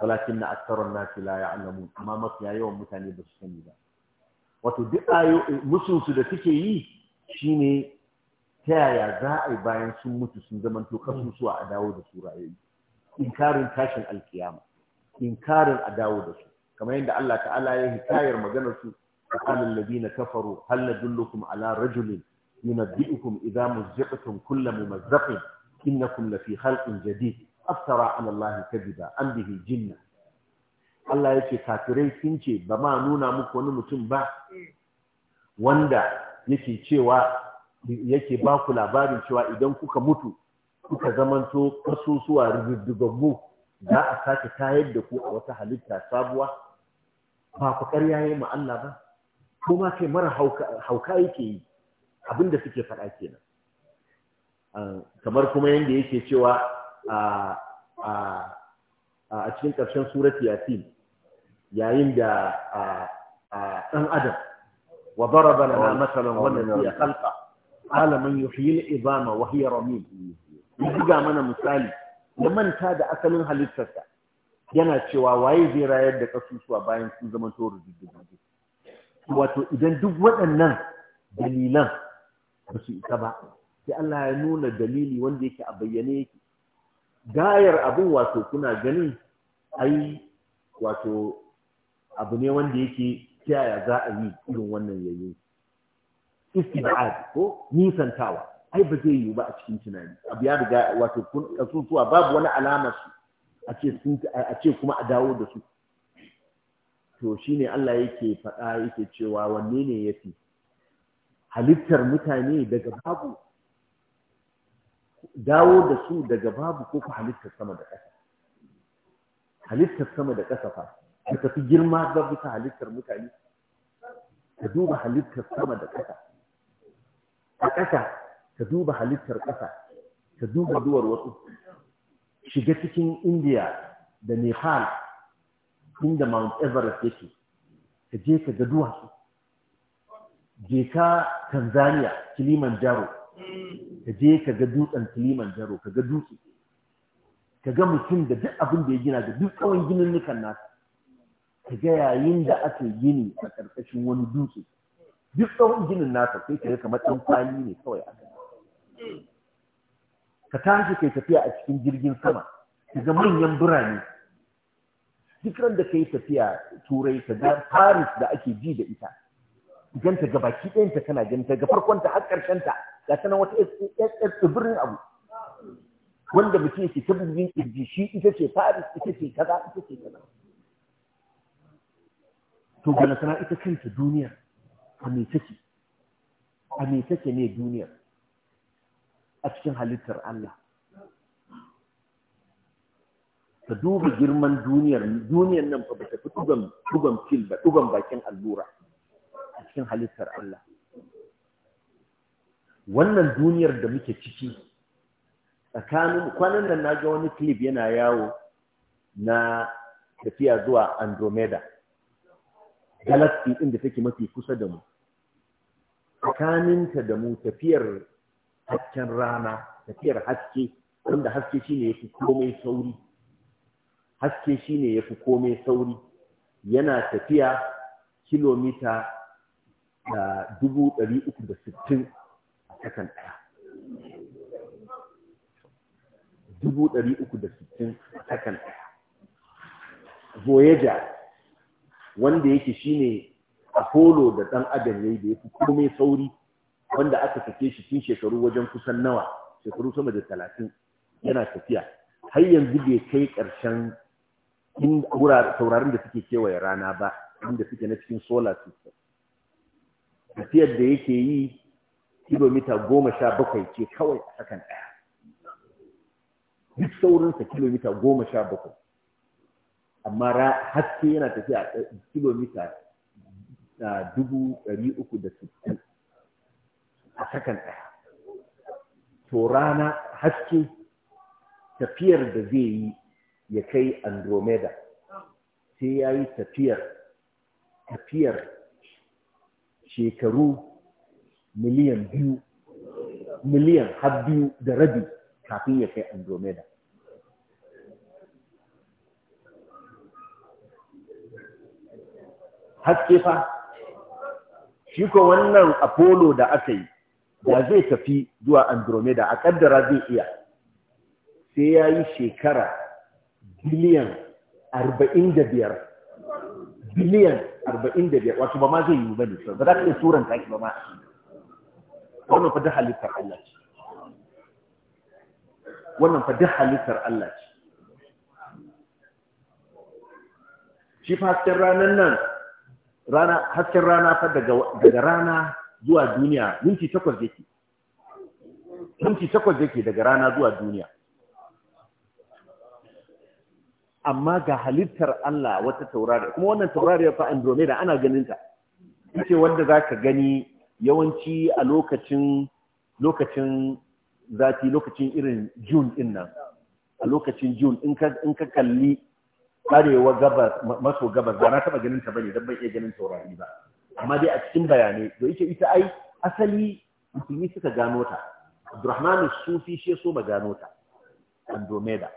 walakin na aktarun nasi la alamu. amma mafiya yawan mutane ba su sani ba wato duk musunsu da suke yi shine ta yaya za a yi bayan sun mutu sun zamanto kasusuwa a dawo da su rayayi inkarin tashin alkiyama inkarin a dawo da su kamar yadda Allah ta'ala ya hikayar maganar su qala alladhina kafaru hal nadullukum ala rajulin yunabbi'ukum idza muzziqtum kullu mumazzaqin innakum lafi khalqin jadid aftara ala Allah kadiba an bihi jinna Allah yake kafirai sun ce ba ma nuna muku wani mutum ba wanda yake cewa yake ba ku labarin cewa idan kuka mutu kuka zamanto kasusuwa rididdigaggu za a sake tayar da ku a wata halitta sabuwa ba ku ƙarya yi ma Allah ba ko ma kai mara hauka yake yi abinda suke faɗa kenan ah, kamar kuma yadda yake cewa a cikin ƙarshen surati yasin yayin da ɗan adam wa daraba lana masalan wannan ya khalqa alamin yuhyi al-izama wa hiya ramim diga mana misali ya manta da asalin halittarsa yana cewa waye zai rayar da kasusuwa bayan sun zama to rududdudi wato idan duk waɗannan dalilan ba su isa ba sai Allah ya nuna dalili wanda yake a bayyane yake gayar abin wato kuna ganin ai wato abu ne wanda yake kiyaya za a yi irin wannan yayi istibad ko nisantawa ai ba zai yiwu ba a cikin tunani abu ya riga wato kasusuwa babu wani alamar su a ce sun a ce kuma a dawo da su to shine Allah yake faɗa yake cewa wanne ne yafi halittar mutane daga babu dawo da su daga babu ko ku halittar sama da ƙasa halittar sama da ƙasa fa ka tafi girma ga bisa halittar mutane ka duba halittar sama da ƙasa a ƙasa ka duba halittar ƙasa ka duba duwar wasu shiga cikin indiya da nepal inda mount everest yake ka je ka ga duwatsu je ka tanzania kilimanjaro Kaje je ka ga dutsen kiliman jaro ka ga dutse ka ga mutum da duk abin da ya gina da duk tsawon ginin nukan nasa ka ga yayin da aka gini a ƙarƙashin wani dutse duk tsawon ginin nasa sai ka ga kamar ɗan kwani ne kawai aka ka tashi kai tafiya a cikin jirgin sama ka ga manyan birane duk ran da kai tafiya turai ka ga paris da ake ji da ita ganta ga baki ɗayanta kana ganta ga farkonta har ƙarshenta ga sanan wata tsibirin abu wanda mutum yake ta bugun kirji shi ita ce Paris ita ce kaza ita ce kaza to ga nasara ita kanta duniya a me take a me take ne duniya a cikin halittar Allah ka duba girman duniyar duniyar nan fa bata fi dugan dugan fil ba dugan bakin allura a cikin halittar Allah wannan duniyar da muke ciki tsakanin kwanan nan na ga wani clip yana yawo na tafiya zuwa andromeda galaxy inda take mafi kusa da mu tsakaninta da mu tafiyar hasken rana tafiyar haske wanda haske shine yafi komai sauri haske shine yafi komai sauri yana tafiya kilomita da ah, dubu ɗari uku da sittin kasan ɗaya dubu ɗari uku da sittin kasan ɗaya voyager wanda yake shine apollo da ɗan adam yayi da ya fi komai sauri wanda aka sake shi tun shekaru wajen kusan nawa shekaru sama da talatin yana tafiya har yanzu bai kai ƙarshen taurarin da suke kewaye rana ba inda suke na cikin solar system tafiyar da yake yi kilomita goma sha bakwai ce kawai a sakan ɗaya duk saurinsa kilomita goma sha bakwai amma haske yana tafiya a kilomita dubu ɗari uku da sittin a sakan ɗaya to rana haske tafiyar da zai yi ya kai andromeda sai ya yi tafiyar tafiyar shekaru miliyan biyu miliyan har biyu da rabi kafin ya kai andromeda haske fa shi ko wannan apollo da aka yi da zai tafi zuwa andromeda a kaddara zai iya sai ya yi shekara biliyan arba'in da biyar biliyan arba'in da biyar wato ba ma zai yi ba ne ba za ka iya turanta shi ba ma a shi wannan fa halittar Allah ce wannan fa halittar Allah ce shi fa hasken ranar nan hasken rana fa daga rana zuwa duniya minti takwas yake minti takwas yake daga rana zuwa duniya amma ga halittar Allah wata taurari kuma wannan taurari ya fa Andromeda ana ganin ta ce wanda ka gani yawanci a lokacin lokacin zafi lokacin irin June din nan a lokacin June in ka in ka kalli arewa gabas maso gabas ba na taba ganin ta bane dan ban iya ganin taurari ba amma dai a cikin bayanai da yake ita ai asali musulmi suka gano ta Abdurrahman Sufi shi so ba gano ta Andromeda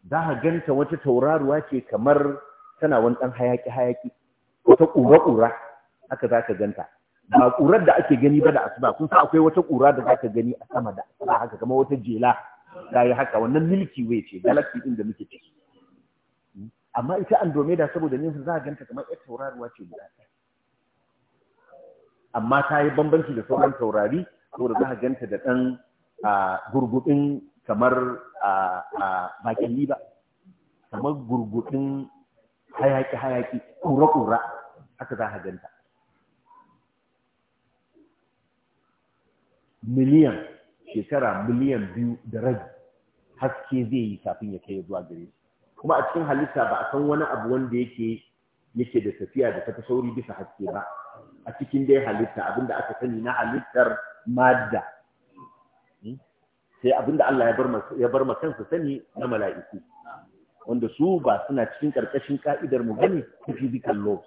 da a ganta wata tauraruwa ce kamar tana wani ɗan hayaki-hayaki wata kura ƙura haka zaka ganta ba ƙurar da ake gani ba da asuba kun san akwai wata ƙura da zaka gani a sama da asuba haka kamar wata jela ta yi haka wannan milki way ce galaxy din da muke ciki amma ita andromeda saboda nesa za a ganta kamar yar tauraruwa ce guda amma ta yi bambanci da sauran taurari saboda za a ganta da ɗan gurgudin kamar bakin ba kamar gurgudin hayaki-hayaki ƙura-ƙura haka za a ganta miliyan shekara miliyan biyu da rabi haske zai yi kafin ya kai zuwa gare kuma a cikin halitta ba a san wani abu wanda yake yake da tafiya da ta sauri bisa haske ba a cikin dai halitta abinda aka sani na halittar madda hmm? sai abinda Allah ya bar ma kansa sani na mala'iku wanda su ba suna cikin karkashin ka'idar mu gani ta physical laws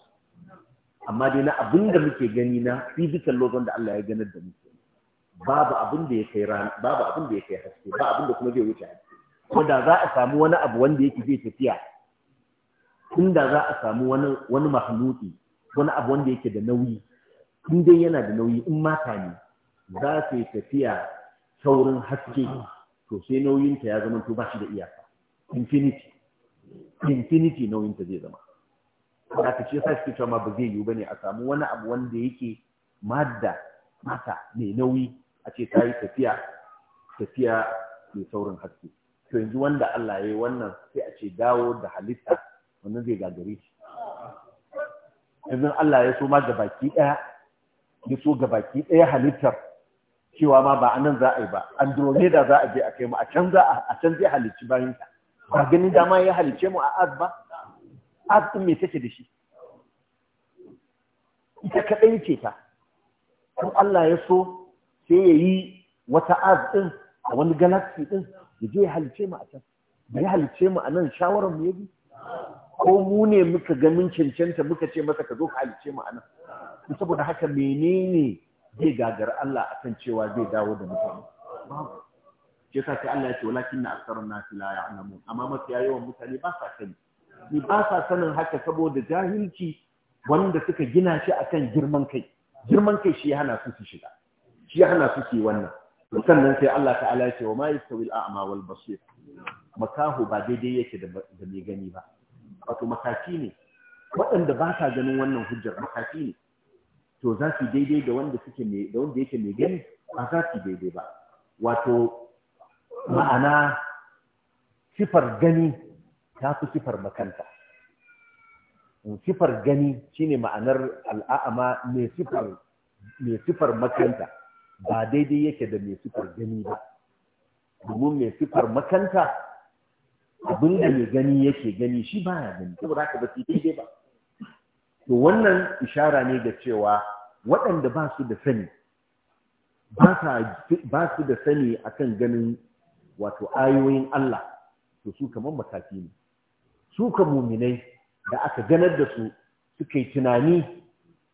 amma dai na abinda muke gani na physical laws wanda Allah ya ganar da mu babu abin da ya kai babu abin da ya kai haske ba abin da kuma zai wuce haske ko da za a samu wani abu wanda yake zai tafiya tun da za a samu wani wani mahluki wani abu wanda yake da nauyi tun dai yana da nauyi in mata ne za su yi tafiya saurin haske to sai nauyinta ya zama to ba shi da iyaka infinity infinity nauyinta zai zama da ka ce sa shi cewa ma ba zai yiwu ne? a samu wani abu wanda yake madda mata mai nauyi a ce ta yi tafiya tafiya mai saurin haske to yanzu wanda Allah ya yi wannan sai a ce dawo da halitta wannan zai gagare shi yanzu Allah ya so ma gabaki ɗaya ya so gabaki ɗaya halittar cewa ma ba a nan za a yi ba andromeda za a je a kai mu a can za a can zai halicci bayan ta ba ganin dama ya halicce mu a az ba az din me take da shi ita kaɗai ce ta kuma Allah ya so sai ya yi wata az ɗin a wani galaxy ɗin ya je ya halice mu a can da ya halice mu a nan shawarar mu ya bi ko mu ne muka ga mun cancanta muka ce masa ka zo ka halice mu a nan saboda haka menene zai gagar Allah a kan cewa zai dawo da mutane ke ka sai Allah ya ce walakin na aksarun nasi la ya'lamun amma mafiya yawan mutane ba sa sani ni ba sa sanin haka saboda jahilci wanda suka gina shi akan girman kai girman kai shi hana su su shiga shi hana su ke wannan nan sai Allah ta'ala ya ce wa ma yastawi al-a'ma wal basir makahu ba daidai yake da mai gani ba wato makafi ne waɗanda ba sa ganin wannan hujjar makafi ne to za su daidai da wanda suke mai da wanda yake mai gani ba za su daidai ba wato ma'ana sifar gani ta fi sifar makanta sifar gani shine ma'anar al'a'ama mai sifar mai sifar makanta ba daidai yake da mai sifar gani ba domin mai sifar makanta abin da mai gani yake gani shi baya gani saboda haka ba su daidai ba to wannan ishara ne ga cewa waɗanda ba su da sani ba su da sani akan ganin wato ayoyin Allah to su kamar makafi ne su ka muminai da aka ganar da su suka yi tunani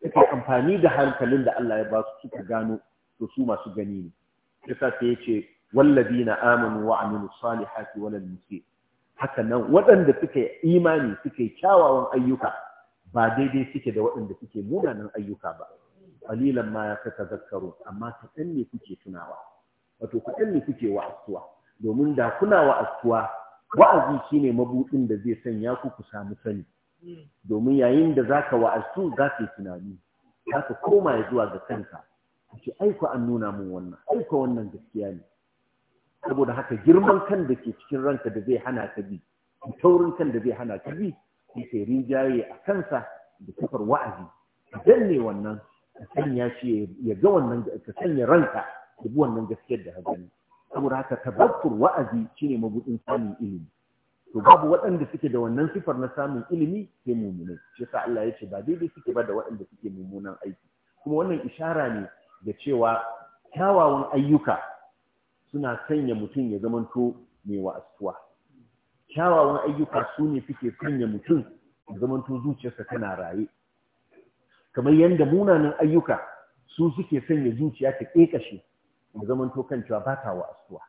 suka amfani da hankalin da Allah ya ba su suka gano to su masu gani ne yasa sai ya ce na amanu wa sali salihati wal muke haka nan waɗanda suke imani suke kyawawan ayyuka ba daidai suke da waɗanda suke munanan ayyuka ba ƙalilan ma ya zakaru amma ɗan ne kuke tunawa wato ɗan ne kuke wa'azuwa domin da kuna wa'azuwa wa'azi shine mabuɗin da zai sanya ku ku samu sani hmm. domin yayin da zaka wa'azu ka yi tunani za ka koma zuwa ga kanka ce aiko an nuna mun wannan aiko wannan gaskiya ne saboda haka girman kan da ke cikin ranka da zai hana ka bi taurin kan da zai hana ka bi sai rinjaye a kansa da kafar wa'azi idan ne wannan ka sanya shi ya ga wannan ka sanya ranka da bi wannan gaskiyar da hagani. gani saboda haka tabakkur wa'azi shine mabudin samun ilimi to babu waɗanda suke da wannan sifar na samun ilimi sai mummunai shi yasa Allah ya ce ba daidai suke ba da waɗanda suke mummunan aiki kuma wannan ishara ne da cewa kyawawan ayyuka suna sanya mutum ya zamanto mai wa'astuwa kyawawan ayyuka su ne suke sanya mutum ya zamanto zuciyarsa tana raye kamar yadda munanan ayyuka su suke sanya zuciya ta ƙeƙashe ya zamanto kan cewa ba ta wa'astuwa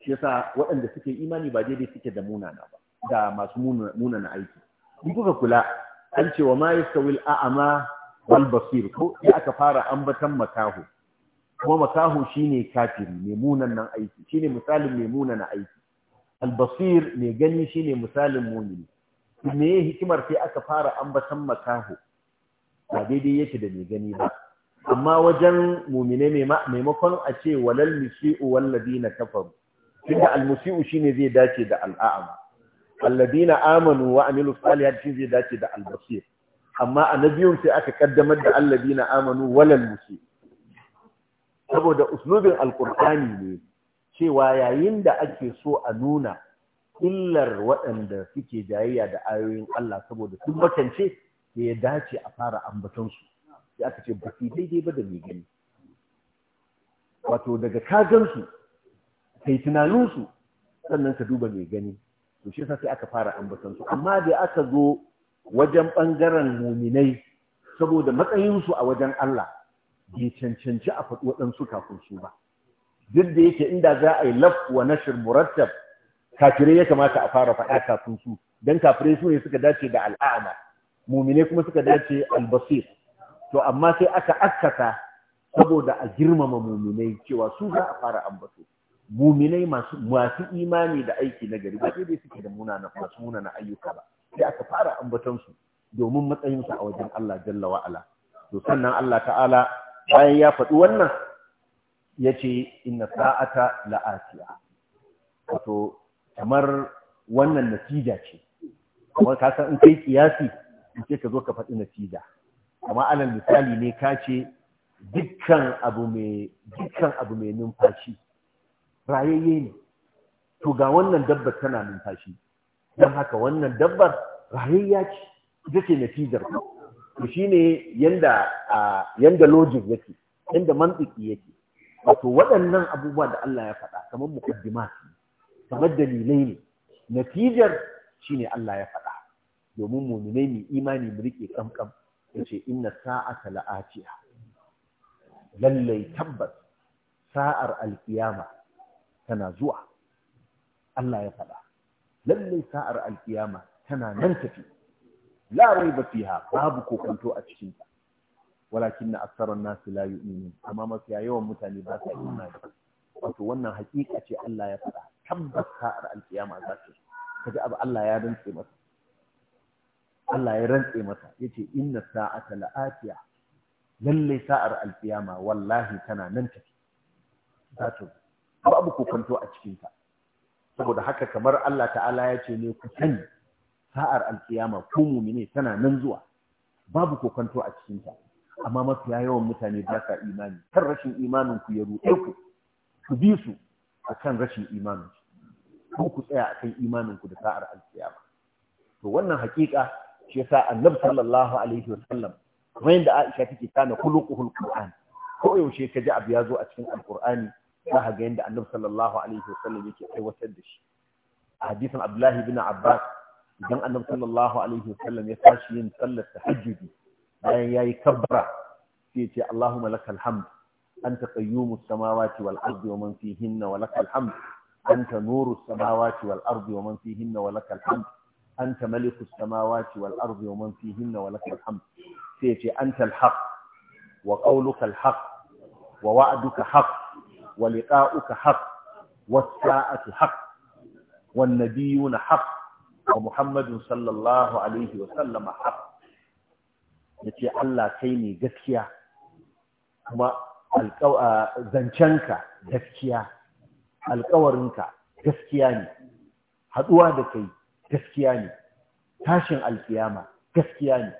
shi yasa waɗanda suke imani ba daidai suke da munana ba da masu munana aiki in kuka kula an ce wa ma yastawil a'ama wal basir ko sai aka fara ambatan makaho kuma makaho shine kafiri mai munan nan aiki shine misalin mai munan aiki al basir mai gani shine misalin mumini me hikimar sai aka fara ambatan makaho ba daidai yake da mai gani ba amma wajen mumine maimakon a ce walal musi'u walladina kafaru tunda al musi'u shine zai dace da al'a'ama alladina amanu wa amilu salihat shine zai dace da al basir amma a na biyun sai aka kaddamar da allabi na amanu walal musu saboda uslubin alkur'ani ne cewa yayin da ake so a nuna illar waɗanda suke jayayya da ayoyin Allah saboda sun makance da ya dace a fara ambatonsu sai aka ce ba su daidai ba da mai gani wato daga kagansu kai tunaninsu sannan ka duba mai gani to shi sai aka fara ambatonsu amma da aka zo wajen ɓangaren muminai saboda matsayinsu a wajen Allah bai cancanci a faɗi waɗansu kafin su ba duk da yake inda za a yi laf wa nashir murattab kafirai ya kamata a fara faɗa kafin su Don kafirai su ne suka dace da al'ama Muminai kuma suka dace albasir to amma sai aka akkata saboda a girmama muminai cewa su za a fara ambato muminai masu imani da aiki na gari ba sai dai suke da munana masu munana ayyuka ba sai aka fara ambatonsu domin matsayinsu a wajen Allah jalla wa'ala to sannan Allah ta'ala bayan ya faɗi wannan ya ce inna sa'ata la'atiya wato kamar wannan natija ce kamar ka san in kai kiyasi in ce ka zo ka faɗi natija amma alal misali ne ka ce dukkan abu mai dukkan abu mai numfashi rayayye ne to ga wannan dabbar tana numfashi don haka wannan dabbar rayayya ce ita ce natijar ku to shine yanda yanda logic yake yanda mantiki yake wato waɗannan abubuwa da Allah ya faɗa kamar muqaddimat kamar dalilai ne natijar shine Allah ya faɗa domin mu'minai ne imani mu rike kamkam yace inna sa'ata la'atiha lallai tabbas sa'ar alkiyama tana zuwa Allah ya faɗa lallai sa'ar alkiyama tana nan tafi la raiba fiha babu kokonto a cikin ta walakin na aksaran nasu la yu'minun amma mafiya yawan mutane ba sa imani wato wannan hakika ce Allah ya faɗa tabbas sa'ar alkiyama za ta kaji abu Allah ya rantse masa Allah ya rantse masa yace inna sa'ata la'atiya Lallai sa'ar alkiyama wallahi tana nan tafi za ta babu kokonto a cikin ta saboda haka kamar Allah ta'ala ya ce ne ku sani sa'ar alkiyama ku mumine tana nan zuwa babu kokanto a cikin ta amma mafiya yawan mutane ba sa imani kan rashin imanin ku ya ruɗe ku ku bi su a kan rashin imanin ku ku tsaya kan imanin ku da sa'ar alkiyama to wannan hakika shi yasa annabi sallallahu alaihi wasallam kamar yadda Aisha take kana khuluquhul qur'an ko yaushe ka ji abu ya zo a cikin alqur'ani za ka ga yadda annabi sallallahu alaihi wasallam yake aiwatar da shi a hadisin abdullahi bin abbas idan annab sallallahu alaihi wasallam ya tashi yin sallar tahajjudi bayan yayi kabbara sai ya ce allahumma lakal hamd anta qayyumus samawati wal ardi wa man fihinna wa lakal hamd أنت نور السماوات والأرض ومن فيهن ولك الحمد أنت ملك السماوات والأرض ومن فيهن ولك الحمد سيتي أنت الحق وقولك wa ووعدك حق wa liqa'uka haqq was sa'atu haqq wan na haqq wa muhammadun sallallahu alaihi wa sallama haqq yace Allah kai ne gaskiya kuma zancenka gaskiya alƙawarinka gaskiya ne haɗuwa da kai gaskiya ne tashin alkiyama gaskiya ne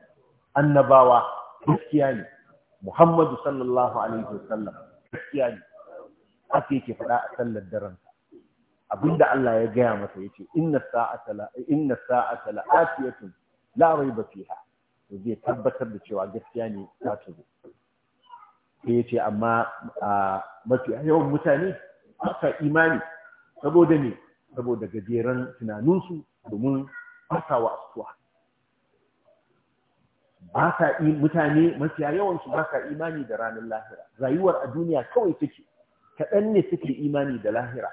annabawa gaskiya ne muhammadu gaskiya ne haka yake faɗa a sallar daren abinda Allah ya gaya masa yace inna sa'ata la inna sa'ata la atiyatun la rayba fiha to zai tabbatar da cewa gaskiya ne za ta zo sai yace amma mafi yawan mutane haka imani saboda ne saboda gajeren tunaninsu domin fasawa asuwa ba sa mutane mafiya yawansu ba sa imani da ranar lahira rayuwar a duniya kawai take kaɗan ne suke imani da lahira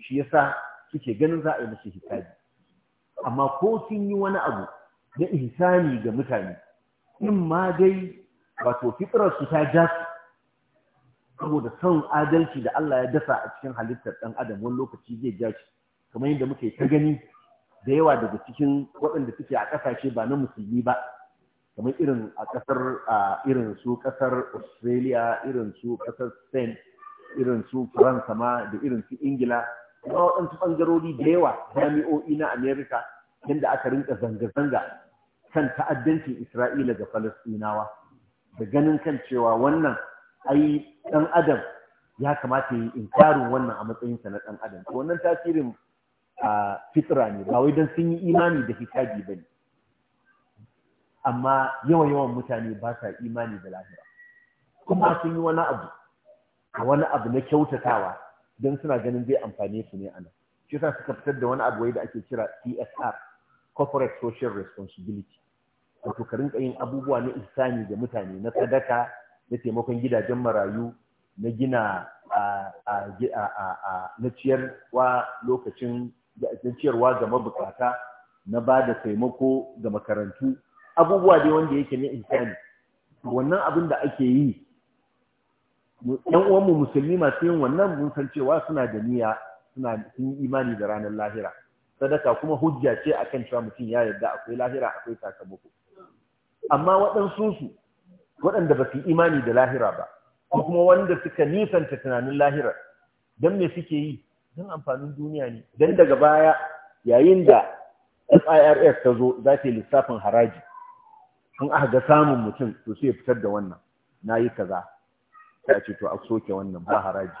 shi yasa suke ganin za a yi musu hisabi amma ko sun yi wani abu na ihsani ga mutane in ma dai wato su ta ja su saboda son adalci da Allah ya dasa a cikin halittar ɗan adam wani lokaci zai ja shi kamar yadda muke ta gani da yawa daga cikin waɗanda suke a ƙasashe ba na musulmi ba kamar irin a ƙasar irin su ƙasar Australia irin su ƙasar Spain irin su faransa ma da irin su ingila kuma waɗansu ɓangarori da yawa jami'o'i na amerika yadda aka rinka zanga-zanga kan ta'addancin isra'ila ga falastinawa da ganin kan cewa wannan ai ɗan adam ya kamata yi inkarin wannan a matsayinsa na ɗan adam to wannan tasirin a ne ba wai don sun yi imani da hisabi ba ne amma yawan yawan mutane ba sa imani da lahira kuma sun yi wani abu a wani abu na kyautatawa don suna ganin zai amfani su ne ana shi yasa suka fitar da wani abu da ake kira CSR corporate social responsibility wato ka rinka yin abubuwa na isani ga mutane na sadaka na taimakon gidajen marayu na gina na ciyarwa lokacin na ciyarwa ga mabukata na ba da taimako ga makarantu abubuwa dai wanda yake na isani. wannan abin da ake yi ɗan uwanmu musulmi masu yin wannan mun san cewa suna da niyya suna sun imani da ranar lahira sadaka kuma hujja ce akan cewa mutum ya yarda akwai lahira akwai sakamako amma waɗansu su waɗanda ba su yi imani da lahira ba ko kuma wanda suka nisanta tunanin lahira. don me suke yi don amfanin duniya ne don daga baya yayin da SIRS ta zo za ta yi lissafin haraji in aka ga samun mutum to sai ya fitar da wannan na yi kaza ya ce to a soke wannan ba haraji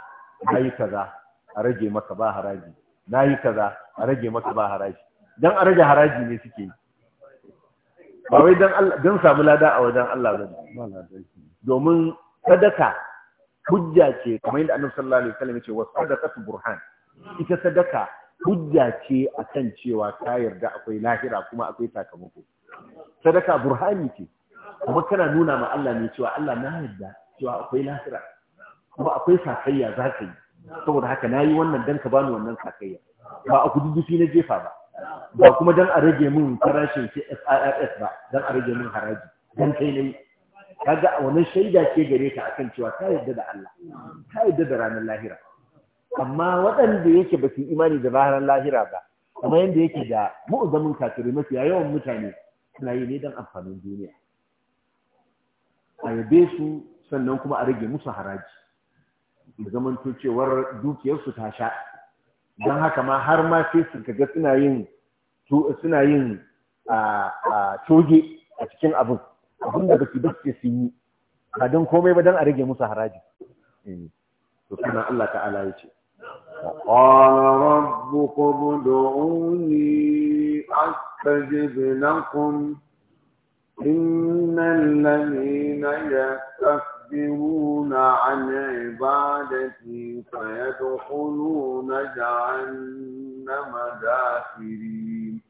na yi kaza a rage maka ba haraji na yi kaza a rage maka ba haraji don a rage haraji ne suke yi ba wai don samu lada a wajen Allah ba domin sadaka hujja ce kamar yadda annabi sallallahu alaihi wasallam ya ce sadaka su burhan ita sadaka hujja ce akan cewa ta yarda akwai lahira kuma akwai sakamako sadaka burhani ce kuma kana nuna ma Allah ne cewa Allah na yarda cewa akwai lahira kuma akwai sakayya za ka yi saboda haka na yi wannan dan ka bani wannan sakayya ba a kududufi na jefa ba ba kuma dan a rage min farashin SIRS ba dan a rage min haraji dan kai ne kaga wannan shaida ke gare ka akan cewa ka yarda da Allah ka yarda da ranar lahira amma waɗanda yake ba su imani da ranar lahira ba kamar yadda yake da mu'azzamin kafiri mafiya yawan mutane suna yi ne don amfanin duniya a yabe su sannan kuma a rage musu haraji da zaman cewar dukiyarsu ta sha don haka ma har ma sai su kaga suna yin suna yin a coge a cikin abin abin da basu basu su yi ba don komai ba don a rage musu haraji eh, to suna Allah ta'ala ya ce قال ربكم ادعوني أستجب لكم إن الذين يستكبرون يستكبرون عن عبادتي فيدخلون جهنم داخرين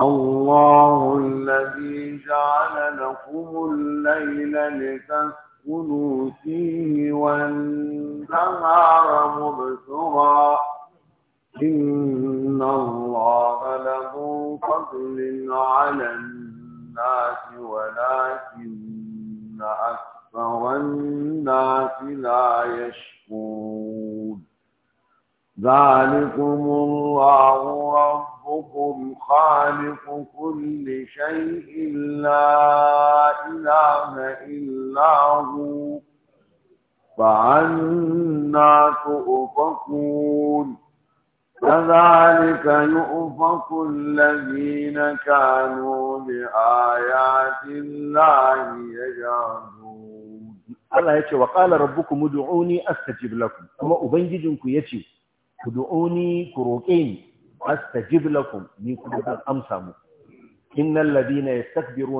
الله الذي جعل لكم الليل لتسكنوا فيه والنهار مبصرا إن الله له فضل على الناس ولكن أكثر أكثر الناس لا يشكون ذلكم الله ربكم خالق كل شيء لا إله إلا هو فعنا تؤفكون كذلك يؤفك الذين كانوا بآيات الله يجعلون Allah ya ce wa rabu rabbukum ud'uni astajib lakum kuma ubangijinku yace ku du'uni ku roƙe ni astajib lakum ni kuma zan amsa mu ya ladina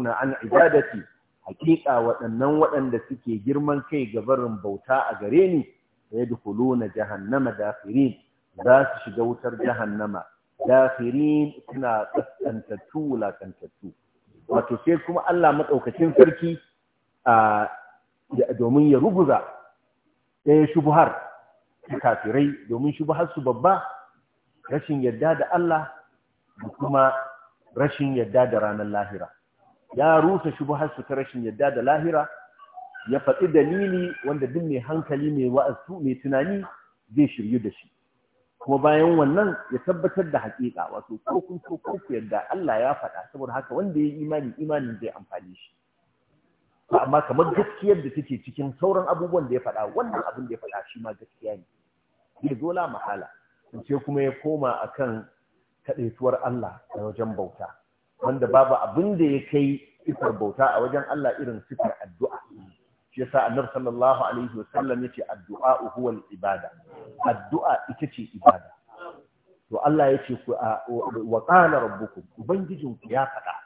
na an ibadati hakika waɗannan waɗanda suke girman kai ga barin bauta a gare ni yadkhuluna jahannama dakhirin za su shiga wutar jahannama dakhirin suna kaskantattu wulakantattu wato sai kuma Allah madaukakin sarki a domin ya ruguza ɗaya shubuhar kafirai domin shubuhar su babba rashin yadda da Allah da kuma rashin yadda da ranar lahira ya rusa shubuhar su ta rashin yadda da lahira ya faɗi dalili wanda duk mai hankali mai wa'azu mai tunani zai shiryu da shi kuma bayan wannan ya tabbatar da haƙiƙa wato ko kun so ko ku yadda Allah ya faɗa saboda haka wanda ya yi imani imanin zai amfani shi amma kamar gaskiyar da take cikin sauran abubuwan da ya faɗa wannan abin da ya faɗa shi ma gaskiya ne ya dola mahala ce kuma ya koma a kan kaɗaituwar Allah a wajen bauta wanda babu abin da ya kai sifar bauta a wajen Allah irin sifar addu'a shi yasa annabi sallallahu alaihi wa sallam yace addu'a huwa al-ibada addu'a ita ce ibada to Allah yace ku wa qala rabbukum ubangijinku ya faɗa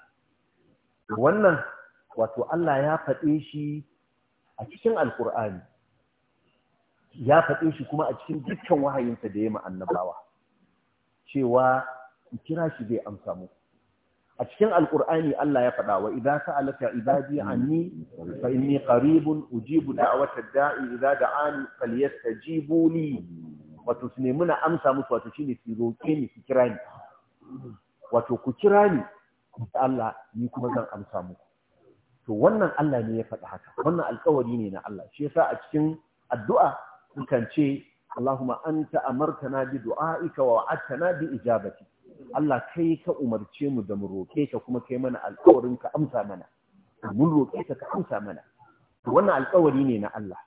wannan wato Allah ya faɗe shi a cikin alkur'ani ya faɗe shi kuma a cikin dukkan wahayinsa da ya annabawa cewa kira shi zai amsa mu a cikin alkur'ani Allah ya faɗa wa idza sa'alaka ibadi anni fa inni qaribun ujibu da'wata da'i idza da'ani falyastajibuni wato su nemi na amsa musu wato shine su roƙe ni su kira ni wato ku kira ni Allah ni kuma zan amsa muku to wannan Allah ne ya faɗi haka wannan alƙawari ne na Allah shi yasa a cikin addu'a kukan ce Allahumma anta amartana bi du'aika wa wa'adtana bi ijabati Allah kai ka umarce mu da mu roƙe ka kuma kai mana alƙawarin ka amsa mana mun roƙe ka ka amsa mana to wannan alƙawari ne na Allah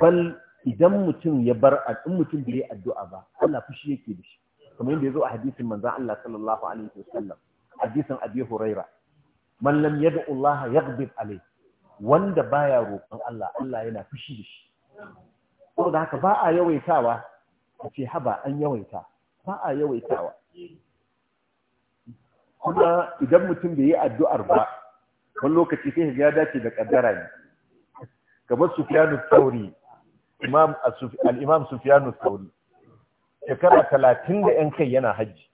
bal idan mutum ya bar in mutum bai addu'a ba Allah fushi yake da shi kamar yadda ya zo a hadisin manzon Allah sallallahu alaihi wasallam hadisin Abi Huraira man lam yad'u Allah yaghdib alayhi wanda baya roƙon Allah Allah yana fushi da shi saboda haka ba a yawaitawa a ce haba an yawaita ba a yawaitawa kuma idan mutum bai yi addu'ar ba wani lokaci sai ya dace da kaddara ne kamar Sufyanu Thauri imam al-imam Sufyanu shekara talatin da yan kai yana hajji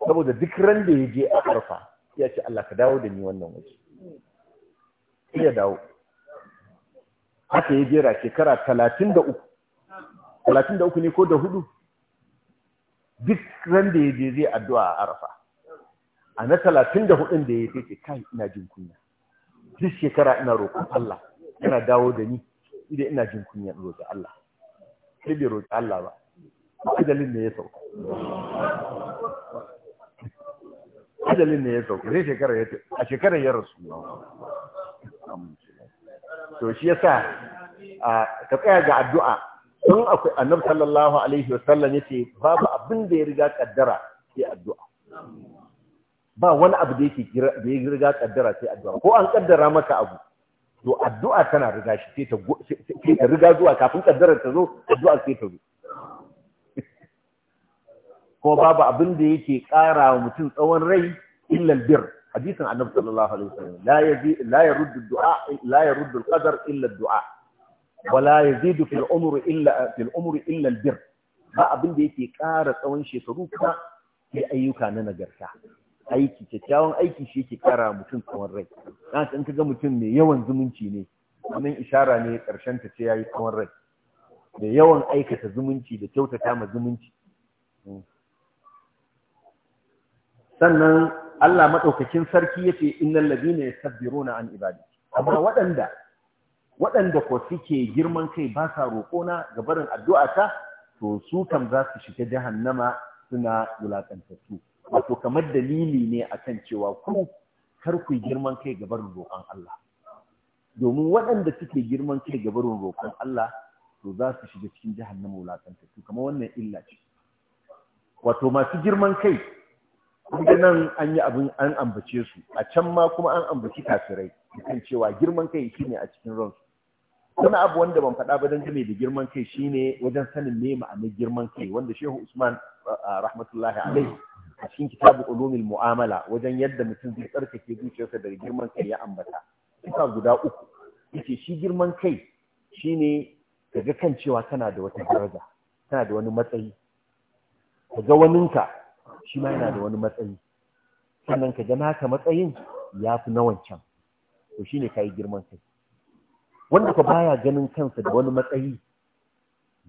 saboda duk ran da ya je a ƙarfa ya ce Allah ka dawo da ni wannan waje sai ya dawo haka ya jera shekara talatin da uku talatin da uku ne ko da hudu duk ran da ya je zai addu'a a arafa a na talatin da hudun da ya yi ce kai ina jin kunya duk shekara ina roƙon Allah yana dawo da ni idan ina jin kunya in roƙi Allah sai bai roƙi Allah ba ajalin da ya sauka ajalin ne ya sauka zai shekara ya a shekarar ya rasu to shi yasa ka tsaya ga addu'a in akwai annabi sallallahu alaihi ya yace babu abin da ya riga kaddara sai addu'a ba wani abu da yake da ya riga kaddara sai addu'a ko an kaddara maka abu to addu'a tana riga shi sai ta riga zuwa kafin kaddarar ta zo addu'a sai ta zo ko babu abin da yake ƙara wa mutum tsawon rai illal bir hadisin annabi sallallahu alaihi wasallam la yazi la du'a la yaruddu al-qadar illa du'a wa la yazidu fil umr illa fil umr illa al-bir ba abin da yake ƙara tsawon shekaru kuma sai ayyuka na nagarta aiki kyakkyawan aiki shi yake ƙara mutum tsawon rai dan in ga mutum mai yawan zumunci ne wannan ishara ne karshen ta ce yayi tsawon rai da yawan aikata zumunci da kyautata ma zumunci hmm. sannan Allah madaukakin sarki yace innal ladina yastakbiruna an ibadi amma waɗanda waɗanda ko suke girman kai ba sa roƙona ga barin addu'a ta to su kam za su shiga jahannama suna wulaƙantattu wato kamar dalili ne akan cewa ku kar ku girman kai ga barin roƙon Allah domin waɗanda suke girman kai ga barin roƙon Allah to za su shiga cikin jahannama wulaƙantattu kamar wannan illa ce wato masu girman kai kuma nan an yi abin an ambace su a can ma kuma an ambaci kafirai kan cewa girman kai shine a cikin ransu wani abu wanda ban faɗa ba dan game da girman kai shine wajen sanin me ma'anar girman kai wanda shehu usman rahmatullahi alaihi a cikin kitabu ulumul mu'amala wajen yadda mutum zai tsarkake zuciyarsa daga girman kai ya ambata kuma guda uku yace shi girman kai shine ka ga kan cewa kana da wata daraja kana da wani matsayi ka ga ka. shi ma yana da wani matsayi sannan ka ga naka matsayin ya fi na wancan to shi ne ka yi girman kai wanda ka baya ganin kansa da wani matsayi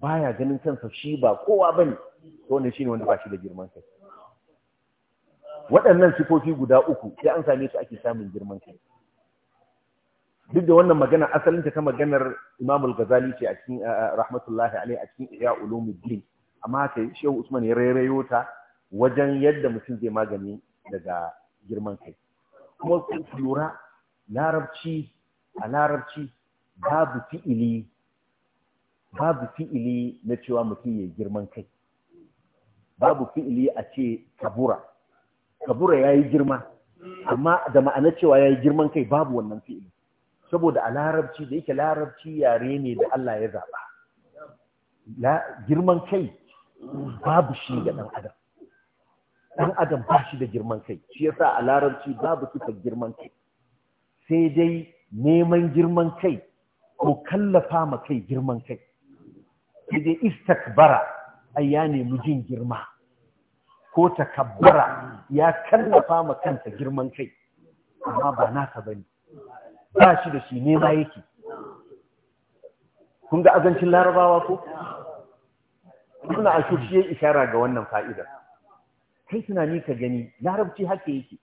baya ganin kansa shi ba kowa ba ne to wannan shi ne wanda ba shi da girman kai waɗannan sifofi guda uku sai an same su ake samun girman kai duk da wannan magana asalin ta maganar Imam Al-Ghazali ce a cikin rahmatullahi alaihi a cikin ulumi Ulumuddin amma kai Shehu Usman ya rairayo ta wajen yadda mutum zai magani daga girman kai kuma ku lura larabci a larabci babu fi'ili babu fi'ili na cewa mutum ya girman kai babu fi'ili a ce kabura kabura ya yi girma amma da ma'ana cewa ya yi girman kai babu wannan fi'ili saboda a larabci da yake larabci yare ne da Allah ya zaɓa girman kai babu shi ga ɗan adam dan adam ba shi da girman kai shi yasa a larabci babu sifar girman kai sai dai neman girman kai ko kallafa ma kai girman kai sai dai istakbara ai ya nemi jin girma ko takabbara ya kallafa ma kanta girman kai amma ba nasa bane ba shi da shi nema yake kun ga azancin larabawa ko suna a shi ishara ga wannan fa'idar kai suna ni ka gani larabci haka yake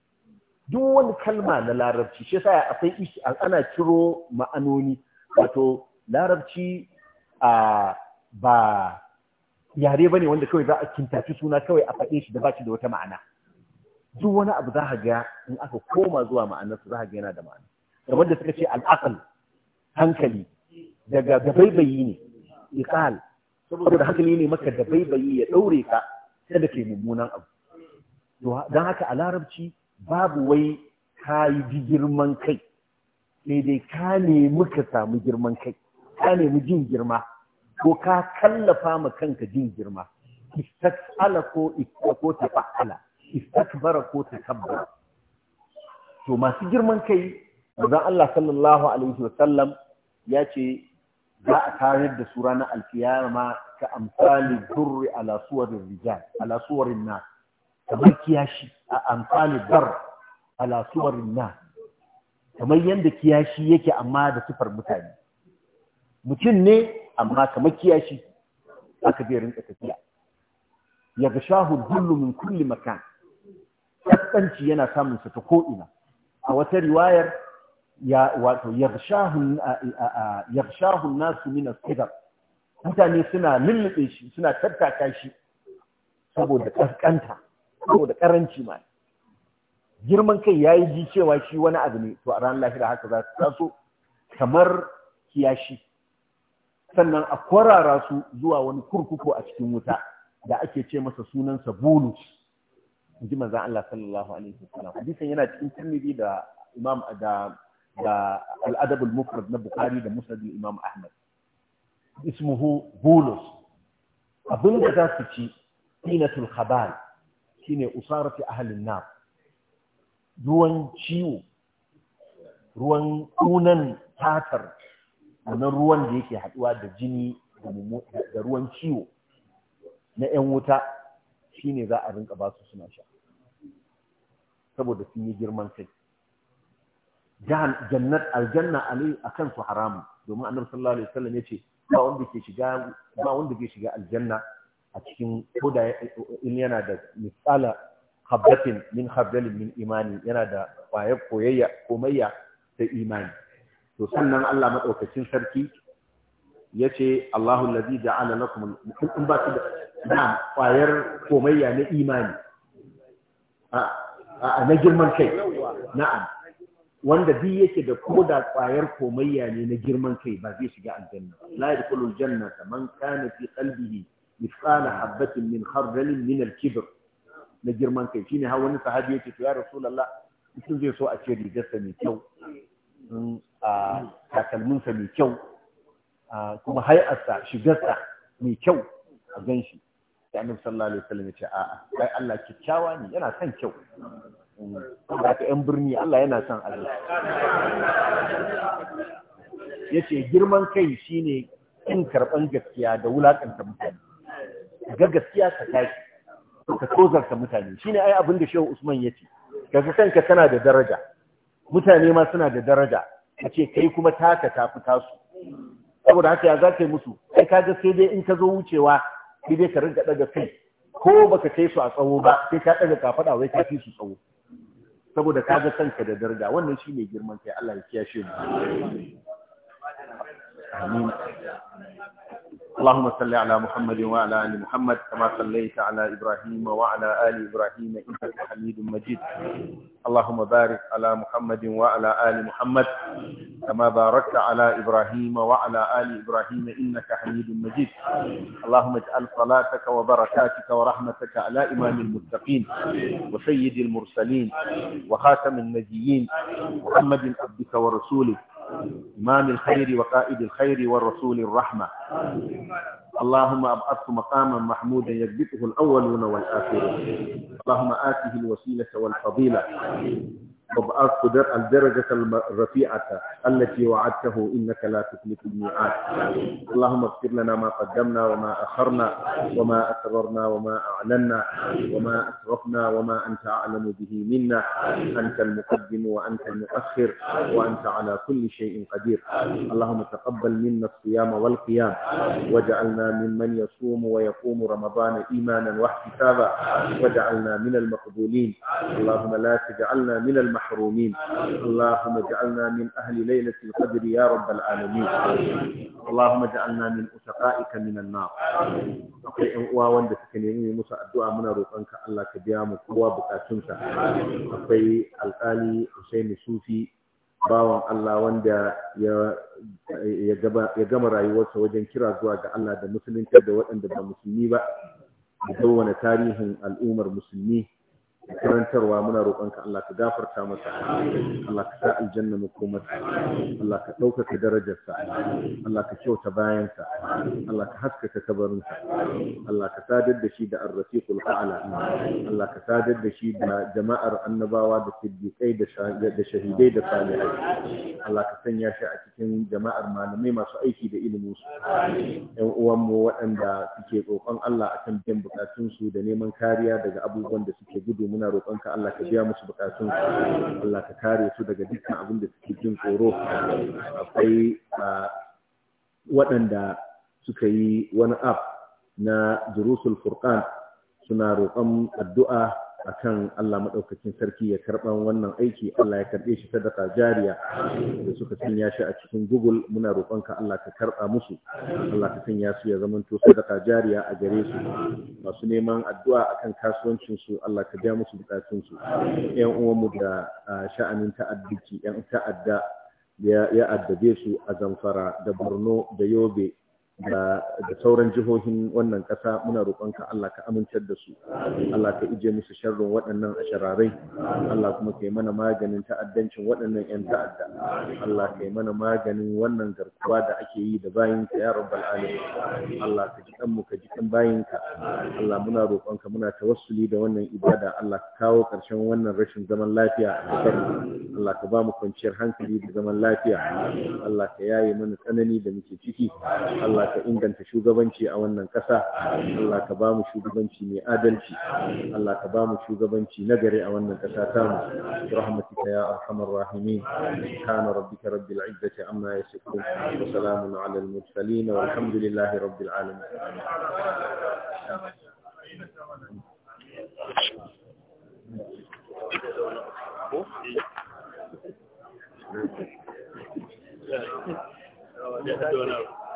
duk wani kalma na larabci shi yasa akwai ana ciro ma'anoni wato larabci a ba yare ba ne wanda kawai za a kintaci suna kawai a faɗe shi da ba shi da wata ma'ana duk wani abu za ka ga in aka koma zuwa su za ka ga yana da ma'ana kamar da suka ce al'aqal hankali daga gabaibayi ne iqal saboda hankali ne maka da baibayi ya daure ka kada kai mummunan abu don haka a larabci babu wai ka yi girman kai sai dai ka nemi ka samu girman kai ka nemi jin girma ko ka kallafa ma kanka jin girma ala ko ko tafa'ala istakbara ko takabbara to masu girman kai manzon Allah sallallahu alaihi wa sallam ya ce za a tarar da su ranar alkiyama ka amsali durri ala suwarin rijal ala suwarin nas kamar kiyashi a amfani bar ala suwarin na kamar yadda kiyashi yake amma da sifar mutane mutum ne amma kamar kiyashi aka zai rinka tafiya ya ga shahun hullu min kulli makan kaskanci yana samun sa ta ko'ina a wata riwayar ya wato yarshahun nasu min asigar mutane suna lullube shi suna tattaka shi saboda tsakanta. saboda karanci ma girman kai yayi ji cewa shi wani abu ne to a ran lahira haka za su taso kamar kiyashi sannan a kwarara su zuwa wani kurkuku a cikin wuta da ake ce masa sunansa bulus inji manzon Allah sallallahu alaihi wasallam hadisin yana cikin Tirmidhi da Imam da da al-Adab al-Mufrad na Bukhari da Musnad Imam Ahmad ismuhu bulus abinda za su ci inatul khabal ne, shine usarati ahalin nar ruwan ciwo ruwan kunan tatar wannan ruwan da yake haɗuwa da jini da ruwan ciwo na 'yan wuta shine za a rinka basu suna sha saboda sun yi girman kai jannat aljanna alai akan su haramu domin annabi sallallahu alaihi wasallam yace ba wanda ba wanda ke shiga aljanna a cikin koda in yana da misala habbatin min habdalin min imani yana da kwayar koyayya komayya ta imani to sannan Allah madaukakin sarki yace Allahu allazi ja'ala lakum in ba su da kwayar komayya na imani a na girman kai na'am wanda bi yake da koda kwayar komayya ne na girman kai ba zai shiga aljanna la yadkhulul jannata man kana fi qalbihi mithqala habatin min khardalin min al-kibr na girman kai shine har wani sahabi yake to ya rasulullah mutum zai so a ce rigarsa mai kyau takalminsa mai kyau kuma hayarsa shigarsa mai kyau a gan shi da annabi sallallahu alaihi wasallam ya Allah kikkiawa ne yana son kyau yan birni Allah yana son Allah yace girman kai shine ƙin karɓan gaskiya da wulakanta mutane ga gaskiya ka tashi ka tozarta mutane Shi ne ai abin da Shehu Usman ya ce ka kaga kanka kana da daraja mutane ma suna da daraja a ce kai kuma taka ta fi tasu saboda haka ya za ka yi musu ai kaga sai dai in ka zo wucewa sai dai ka rinka daga kai ko baka kai su a tsawo ba sai ka daga kafada wai ka fi su tsawo saboda ka ga kanka da daraja wannan shi ne girman kai Allah ya kiyashe mu amin اللهم صل على محمد وعلى ال محمد كما صليت على ابراهيم وعلى ال ابراهيم انك حميد مجيد اللهم بارك على محمد وعلى ال محمد كما باركت على ابراهيم وعلى ال ابراهيم انك حميد مجيد اللهم اجعل صلاتك وبركاتك ورحمتك على امام المتقين وسيد المرسلين وخاتم النبيين محمد عبدك ورسولك إمام الخير وقائد الخير والرسول الرحمة اللهم أبعثه مقاما محمودا يثبته الأولون والآخرون اللهم آته الوسيلة والفضيلة وابعثه الدرجة الرفيعة التي وعدته إنك لا تخلف الميعاد اللهم اغفر لنا ما قدمنا وما أخرنا وما أسررنا وما أعلنا وما أسرفنا وما أنت أعلم به منا أنت المقدم وأنت المؤخر وأنت على كل شيء قدير اللهم تقبل منا الصيام والقيام واجعلنا ممن يصوم ويقوم رمضان إيمانا واحتسابا واجعلنا من المقبولين اللهم لا تجعلنا من الم المحرومين اللهم اجعلنا من أهل ليلة القدر يا رب العالمين اللهم اجعلنا من أتقائك من النار akwai ƴan uwa wanda suka nemi musu addu'a muna roƙonka Allah ka biya mu kowa bukatunsa akwai alƙali Hussein Sufi bawan Allah wanda ya gama rayuwarsa wajen kira zuwa ga Allah da musulunci da waɗanda ba musulmi ba da tarihin al'ummar musulmi da karantarwa muna roƙonka Allah ka gafarta masa Allah ka sa aljanna mu koma Allah ka ɗaukaka darajarsa Allah ka kyauta bayansa Allah ka haskaka kabarinsa Allah ka sadar da shi da arrafiqul a'la Allah ka sadar da shi da jama'ar annabawa da siddiqai da shahidai da salihai Allah ka sanya shi a cikin jama'ar malamai masu aiki da ilimin su uwanmu waɗanda suke roƙon Allah akan biyan bukatunsu da neman kariya daga abubuwan da suke gudu muna ka Allah ka biya musu bukatun Allah ka kare su daga dukkan abin da suke jin tsoro akwai waɗanda suka yi wani app na durusul furqan suna roƙon addu'a akan Allah maɗaukacin sarki ya karɓar wannan aiki Allah ya karɓe shi sadaka jariya da suka sanya shi a cikin Google muna roƙonka Allah ka karɓa musu Allah ka sanya su ya zama zamanto sadaka jariya a gare su masu neman addu'a akan kasuwancin su Allah ka ja musu bukatun su ƴan uwanmu da sha'anin ta'addaki, ƴan ta'adda ya addabe su a Zamfara da Borno da Yobe da sauran jihohin wannan ƙasa muna roƙonka Allah ka amincar da su Allah ka ije musu sharrin waɗannan ashararai Allah kuma ka yi mana maganin ta'addancin waɗannan ƴan ta'adda Allah ka yi mana maganin wannan garkuwa da ake yi da bayin ka ya rabbal alamin Allah ka ji kanmu ka ji kan bayin ka Allah muna roƙonka muna tawassuli da wannan ibada Allah ka kawo ƙarshen wannan rashin zaman lafiya a Allah ka ba mu kwanciyar hankali da zaman lafiya Allah ka yaye mana tsanani da muke ciki Allah ka inganta shugabanci a wannan ƙasa Allah ka ba mu shugabanci mai adalci Allah ka ba mu shugabanci na gari a wannan ƙasa ta mu rahmatika ya arhamar rahimin kan rabbika rabbil izzati amma yasifun wa salamun ala al mursalin walhamdulillahi rabbil alamin Yeah, I don't know.